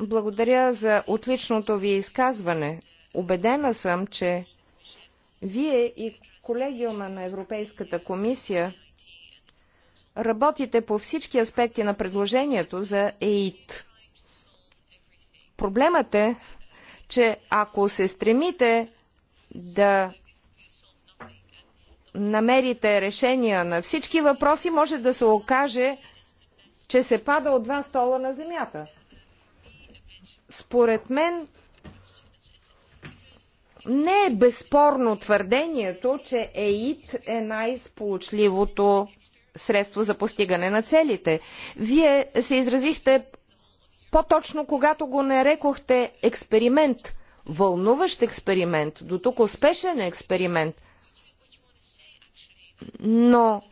Speaker 3: Благодаря за отличното ви изказване. Обедена съм, че вие и колегиума на Европейската комисия работите по всички аспекти на предложението за ЕИТ. Проблемът е, че ако се стремите да намерите решения на всички въпроси, може да се окаже, че се пада от два стола на земята. Според мен не е безспорно твърдението, че ЕИТ е най-сполучливото средство за постигане на целите. Вие се изразихте по-точно, когато го нарекохте експеримент, вълнуващ експеримент, до тук успешен експеримент. Но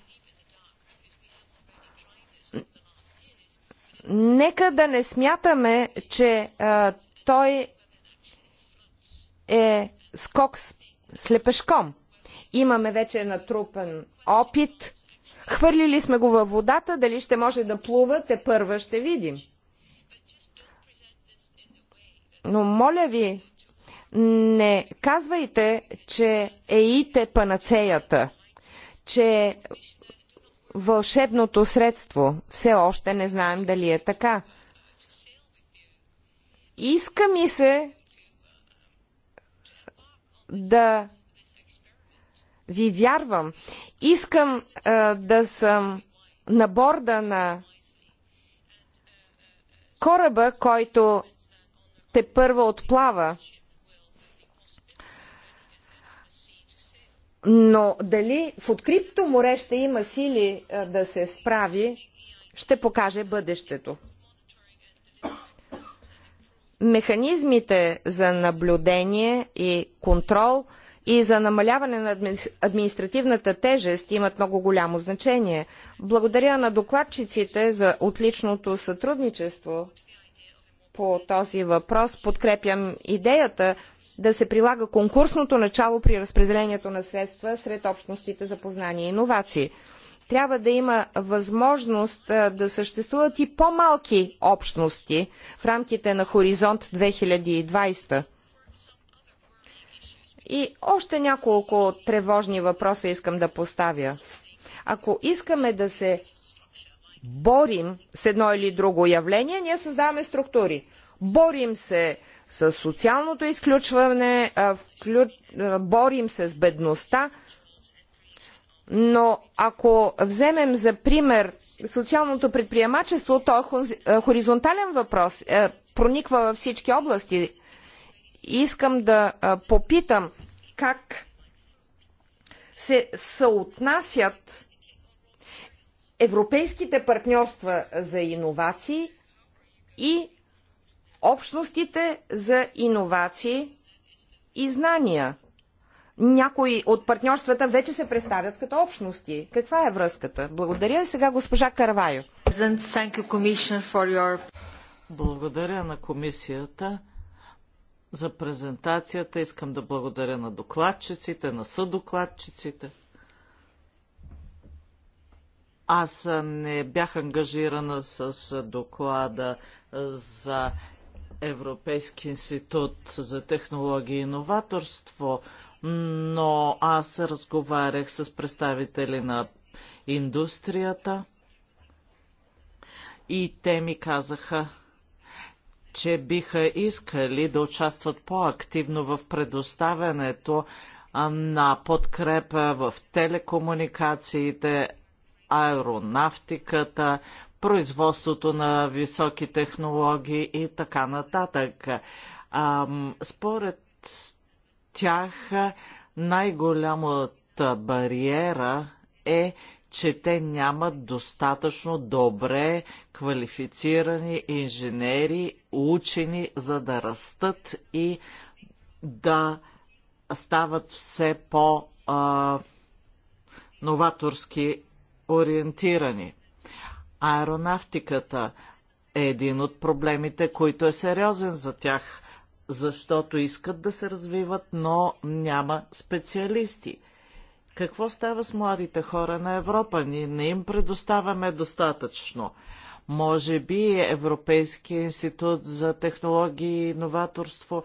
Speaker 3: Нека да не смятаме, че а, той е скок с, с лепешком. Имаме вече натрупан опит. Хвърлили сме го във водата, дали ще може да плува, те първа ще видим. Но моля ви, не казвайте, че еите панацеята, че вълшебното средство. Все още не знаем дали е така. Иска ми се да ви вярвам. Искам а, да съм на борда на кораба, който те първа отплава. Но дали в открипто море ще има сили да се справи, ще покаже бъдещето. Механизмите за наблюдение и контрол и за намаляване на административната тежест имат много голямо значение. Благодаря на докладчиците за отличното сътрудничество по този въпрос. Подкрепям идеята да се прилага конкурсното начало при разпределението на средства сред общностите за познание и иновации. Трябва да има възможност да съществуват и по-малки общности в рамките на Хоризонт 2020. И още няколко тревожни въпроса искам да поставя. Ако искаме да се борим с едно или друго явление, ние създаваме структури. Борим се с социалното изключване, вклю... борим се с бедността, но ако вземем за пример социалното предприемачество, то е хоризонтален въпрос, е, прониква във всички области. Искам да попитам как се съотнасят европейските партньорства за иновации и общностите за иновации и знания. Някои от партньорствата вече се представят като общности. Каква е връзката? Благодаря сега госпожа Карвайо.
Speaker 1: Благодаря на комисията за презентацията. Искам да благодаря на докладчиците, на съдокладчиците. Аз не бях ангажирана с доклада за Европейски институт за технологии и новаторство, но аз разговарях с представители на индустрията и те ми казаха, че биха искали да участват по-активно в предоставянето на подкрепа в телекомуникациите, аеронавтиката, производството на високи технологии и така нататък. А, според тях най-голямата бариера е, че те нямат достатъчно добре квалифицирани инженери, учени, за да растат и да стават все по-новаторски ориентирани. Аеронавтиката е един от проблемите, който е сериозен за тях, защото искат да се развиват, но няма специалисти. Какво става с младите хора на Европа? Ние не им предоставяме достатъчно. Може би Европейския институт за технологии и новаторство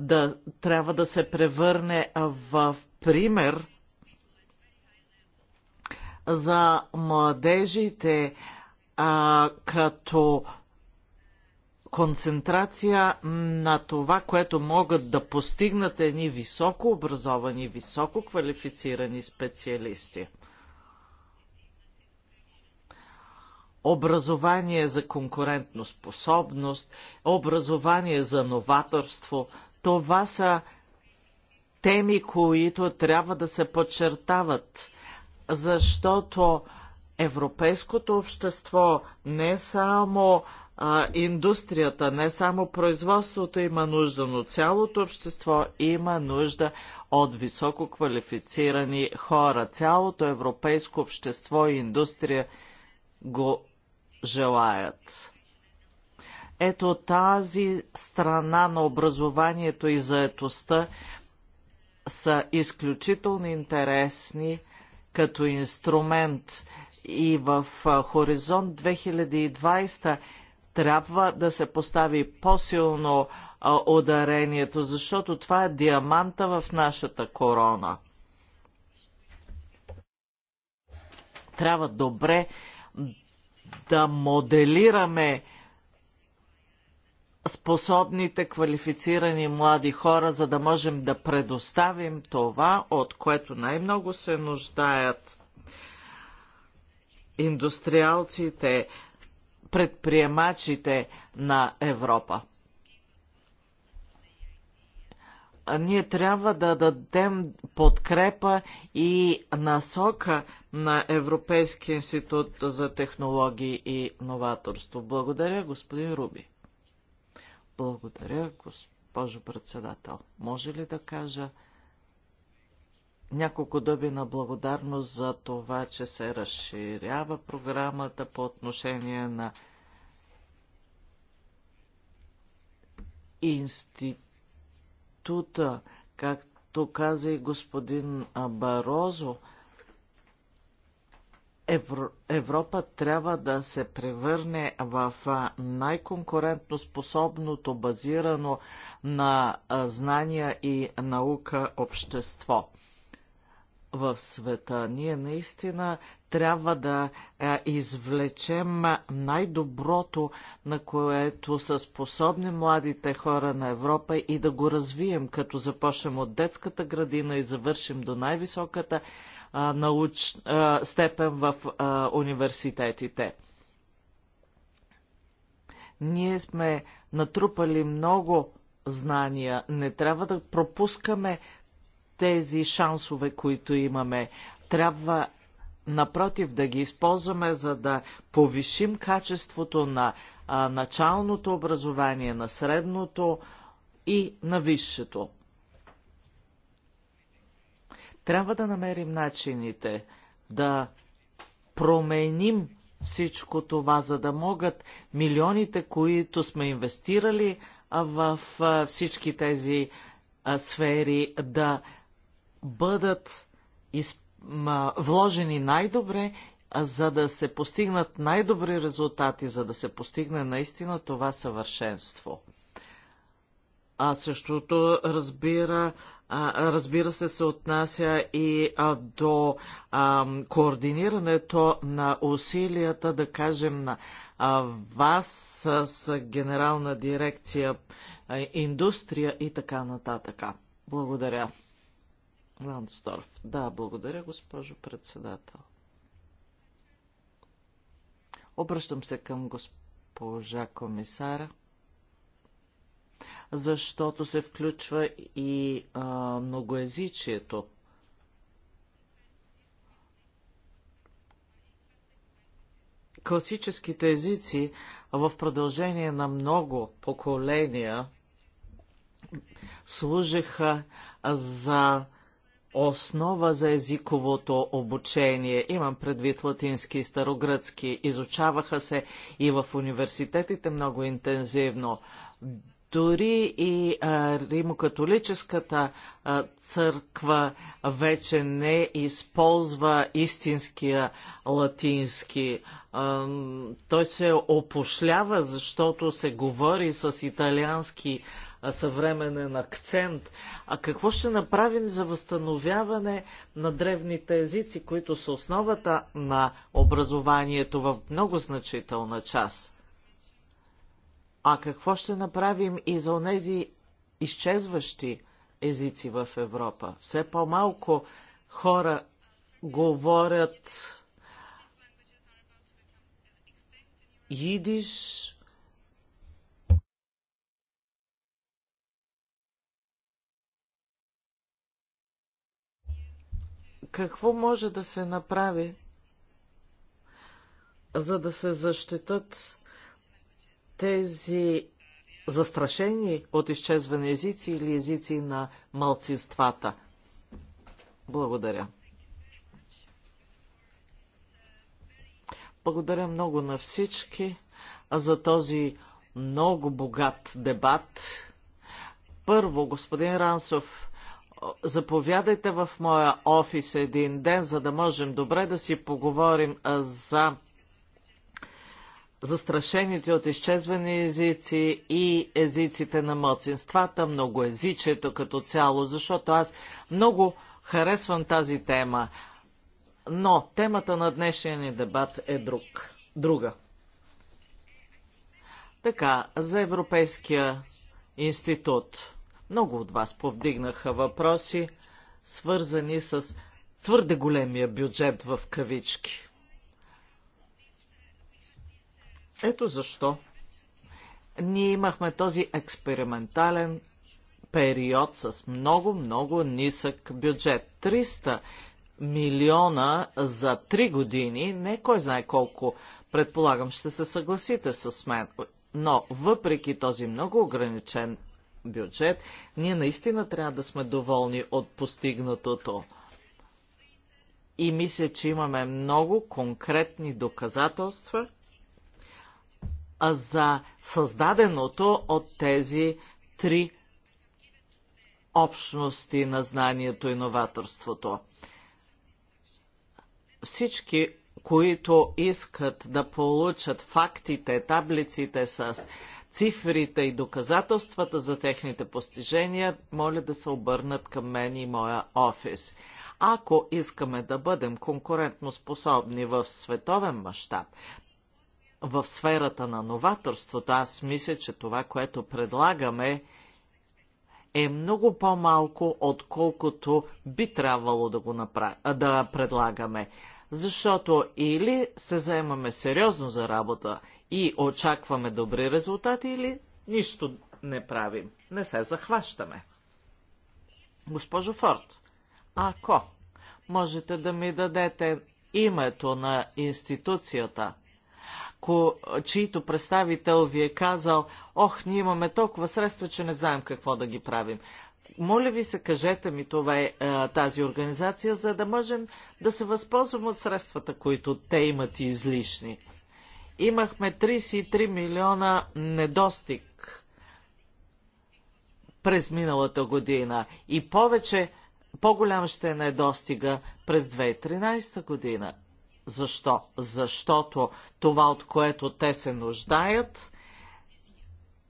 Speaker 1: да, трябва да се превърне в пример за младежите, а, като концентрация на това, което могат да постигнат едни високо образовани, високо квалифицирани специалисти. Образование за конкурентно способност, образование за новаторство, това са теми, които трябва да се подчертават, защото европейското общество, не само а, индустрията, не само производството има нужда, но цялото общество има нужда от високо квалифицирани хора. Цялото европейско общество и индустрия го желаят. Ето тази страна на образованието и заетостта са изключително интересни като инструмент – и в Хоризонт 2020 трябва да се постави по-силно ударението, защото това е диаманта в нашата корона. Трябва добре да моделираме способните, квалифицирани млади хора, за да можем да предоставим това, от което най-много се нуждаят индустриалците, предприемачите на Европа. Ние трябва да дадем подкрепа и насока на Европейския институт за технологии и новаторство. Благодаря, господин Руби. Благодаря, госпожо председател. Може ли да кажа няколко дъби на благодарност за това, че се разширява програмата по отношение на института, както каза и господин Барозо, Европа трябва да се превърне в най-конкурентно способното, базирано на знания и наука общество в света. Ние наистина трябва да е, извлечем най-доброто, на което са способни младите хора на Европа и да го развием, като започнем от детската градина и завършим до най-високата науч, степен в университетите. Ние сме натрупали много знания. Не трябва да пропускаме тези шансове, които имаме. Трябва напротив да ги използваме, за да повишим качеството на а, началното образование, на средното и на висшето. Трябва да намерим начините да променим всичко това, за да могат милионите, които сме инвестирали в всички тези сфери, да бъдат ма, вложени най-добре, за да се постигнат най-добри резултати, за да се постигне наистина това съвършенство. А същото разбира, а, разбира се, се отнася и а, до а, координирането на усилията, да кажем, на а, вас с, с генерална дирекция а, индустрия и така нататък. Благодаря. Ландсдорф. Да, благодаря, госпожо председател. Обръщам се към госпожа комисара, защото се включва и а, многоязичието. Класическите езици в продължение на много поколения служиха за основа за езиковото обучение. Имам предвид латински и старогръцки. Изучаваха се и в университетите много интензивно. Дори и а, римокатолическата а, църква вече не използва истинския латински. А, той се опошлява, защото се говори с италиански съвременен акцент. А какво ще направим за възстановяване на древните езици, които са основата на образованието в много значителна част? А какво ще направим и за онези изчезващи езици в Европа? Все по-малко хора говорят идиш, какво може да се направи, за да се защитат тези застрашени от изчезване езици или езици на малцинствата. Благодаря. Благодаря много на всички за този много богат дебат. Първо, господин Рансов, заповядайте в моя офис един ден, за да можем добре да си поговорим за застрашените от изчезване езици и езиците на младсинствата, многоезичието като цяло, защото аз много харесвам тази тема. Но темата на днешния ни дебат е друг. Друга. Така, за Европейския институт. Много от вас повдигнаха въпроси, свързани с твърде големия бюджет в кавички. Ето защо ние имахме този експериментален период с много, много нисък бюджет. 300 милиона за 3 години, не кой знае колко, предполагам, ще се съгласите с мен. Но въпреки този много ограничен бюджет, ние наистина трябва да сме доволни от постигнатото. И мисля, че имаме много конкретни доказателства за създаденото от тези три общности на знанието и новаторството. Всички, които искат да получат фактите, таблиците с цифрите и доказателствата за техните постижения, моля да се обърнат към мен и моя офис. Ако искаме да бъдем конкурентно способни в световен мащаб, в сферата на новаторството, аз мисля, че това, което предлагаме, е много по-малко, отколкото би трябвало да го напра... да предлагаме. Защото или се заемаме сериозно за работа и очакваме добри резултати или нищо не правим. Не се захващаме. Госпожо Форд, ако можете да ми дадете името на институцията, ко, чието представител ви е казал, ох, ние имаме толкова средства, че не знаем какво да ги правим. Моля ви се, кажете ми това е, тази организация, за да можем да се възползвам от средствата, които те имат излишни имахме 33 милиона недостиг през миналата година и повече, по-голям ще е недостига през 2013 година. Защо? Защото това, от което те се нуждаят,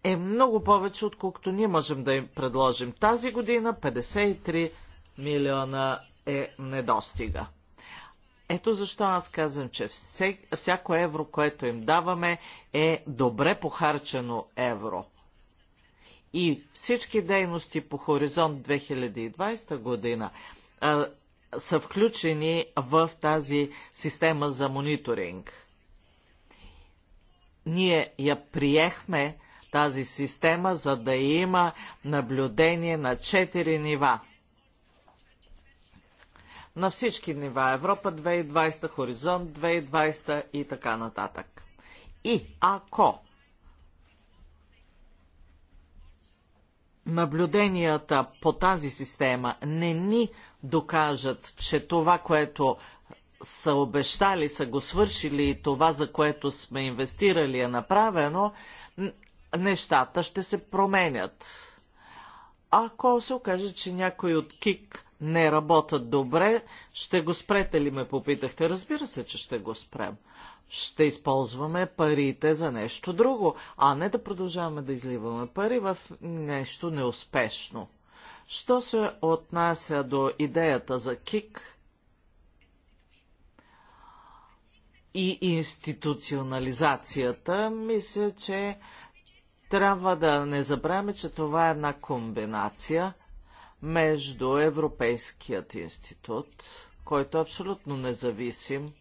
Speaker 1: е много повече, отколкото ние можем да им предложим. Тази година 53 милиона е недостига. Ето защо аз казвам, че все, всяко евро, което им даваме, е добре похарчено евро. И всички дейности по Хоризонт 2020 година а, са включени в тази система за мониторинг. Ние я приехме тази система, за да има наблюдение на четири нива – на всички нива Европа 2020, Хоризонт 2020 и така нататък. И ако наблюденията по тази система не ни докажат, че това, което са обещали, са го свършили и това, за което сме инвестирали е направено, нещата ще се променят. Ако се окаже, че някой от КИК не работят добре. Ще го спрете ли ме, попитахте. Разбира се, че ще го спрем. Ще използваме парите за нещо друго, а не да продължаваме да изливаме пари в нещо неуспешно. Що се отнася до идеята за КИК и институционализацията, мисля, че трябва да не забравяме, че това е една комбинация – между Европейският институт, който е абсолютно независим,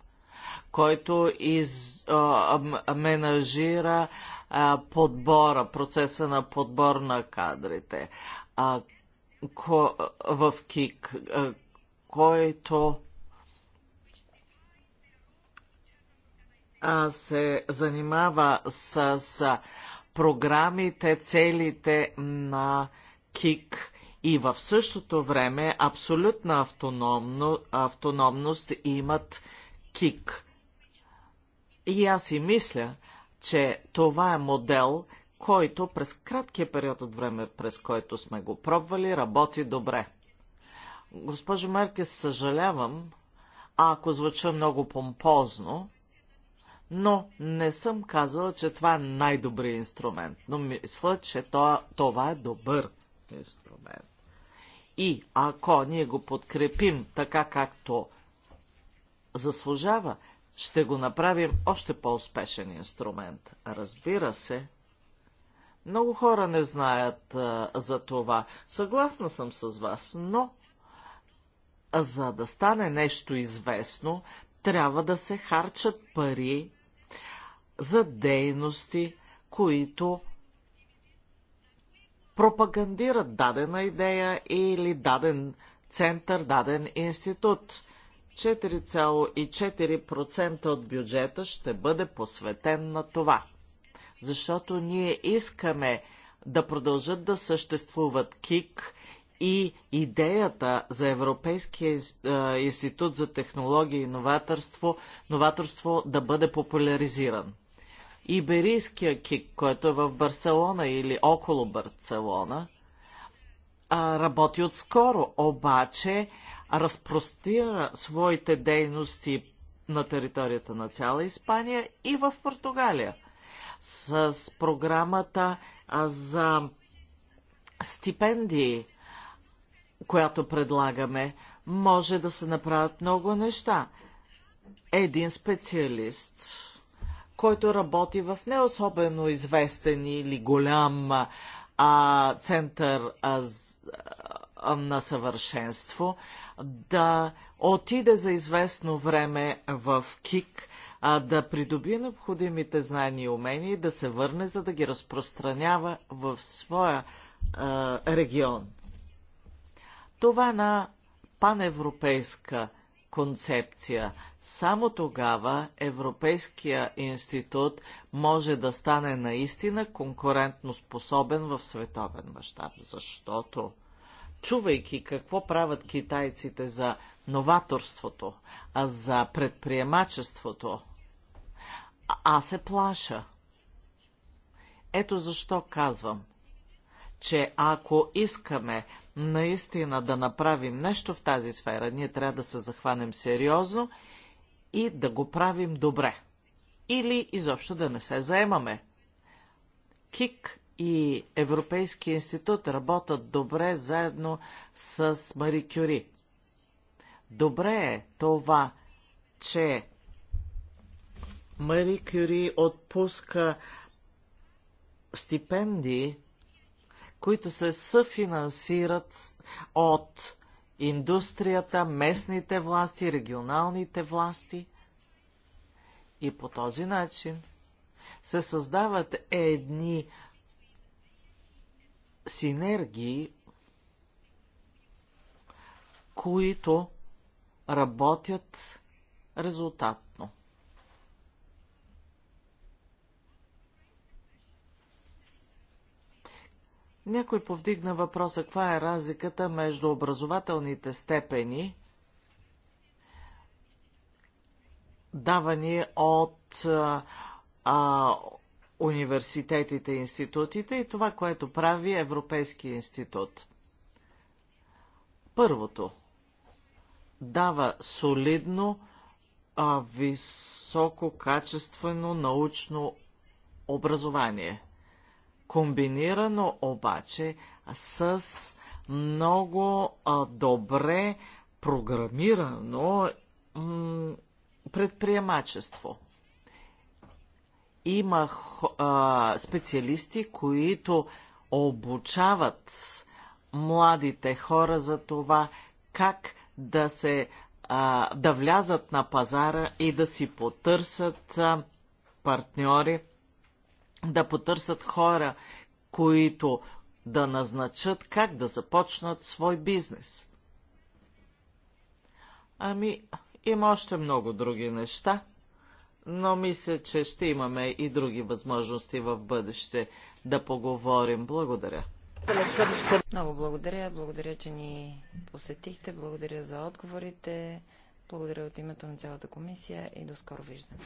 Speaker 1: който из, а, а, менажира а, подбора, процеса на подбор на кадрите а, ко, в КИК, а, който а, се занимава с, с програмите, целите на КИК и в същото време абсолютна автономно, автономност имат КИК. И аз и мисля, че това е модел, който през краткия период от време, през който сме го пробвали, работи добре. Госпожо Меркес, съжалявам, ако звуча много помпозно, но не съм казала, че това е най-добрият инструмент. Но мисля, че това е добър инструмент. И ако ние го подкрепим така, както заслужава, ще го направим още по-успешен инструмент. Разбира се, много хора не знаят а, за това. Съгласна съм с вас, но за да стане нещо известно, трябва да се харчат пари за дейности, които пропагандират дадена идея или даден център, даден институт. 4,4% от бюджета ще бъде посветен на това. Защото ние искаме да продължат да съществуват КИК и идеята за Европейския е, институт за технологии и новаторство, новаторство да бъде популяризиран. Иберийския кик, който е в Барселона или около Барселона, работи отскоро, обаче разпростира своите дейности на територията на цяла Испания и в Португалия. С програмата за стипендии, която предлагаме, може да се направят много неща. Един специалист който работи в не особено известен или голям а, център а, а, на съвършенство, да отиде за известно време в КИК, а да придобие необходимите знания и умения и да се върне, за да ги разпространява в своя а, регион. Това е на паневропейска концепция. Само тогава Европейския институт може да стане наистина конкурентно способен в световен мащаб, защото чувайки какво правят китайците за новаторството, а за предприемачеството, аз се плаша. Ето защо казвам, че ако искаме наистина да направим нещо в тази сфера, ние трябва да се захванем сериозно и да го правим добре. Или изобщо да не се заемаме. КИК и Европейски институт работят добре заедно с Мари Кюри. Добре е това, че Мари Кюри отпуска стипендии които се съфинансират от индустрията, местните власти, регионалните власти. И по този начин се създават едни синергии, които работят резултат. Някой повдигна въпроса, каква е разликата между образователните степени, давани от а, университетите и институтите и това, което прави Европейския институт. Първото дава солидно, а, висококачествено научно образование – комбинирано обаче с много добре програмирано предприемачество. Има а, специалисти, които обучават младите хора за това как да се а, да влязат на пазара и да си потърсят а, партньори да потърсят хора, които да назначат как да започнат свой бизнес. Ами, има още много други неща, но мисля, че ще имаме и други възможности в бъдеще да поговорим. Благодаря.
Speaker 2: Много благодаря. Благодаря, че ни посетихте. Благодаря за отговорите. Благодаря от името на цялата комисия и до скоро виждане.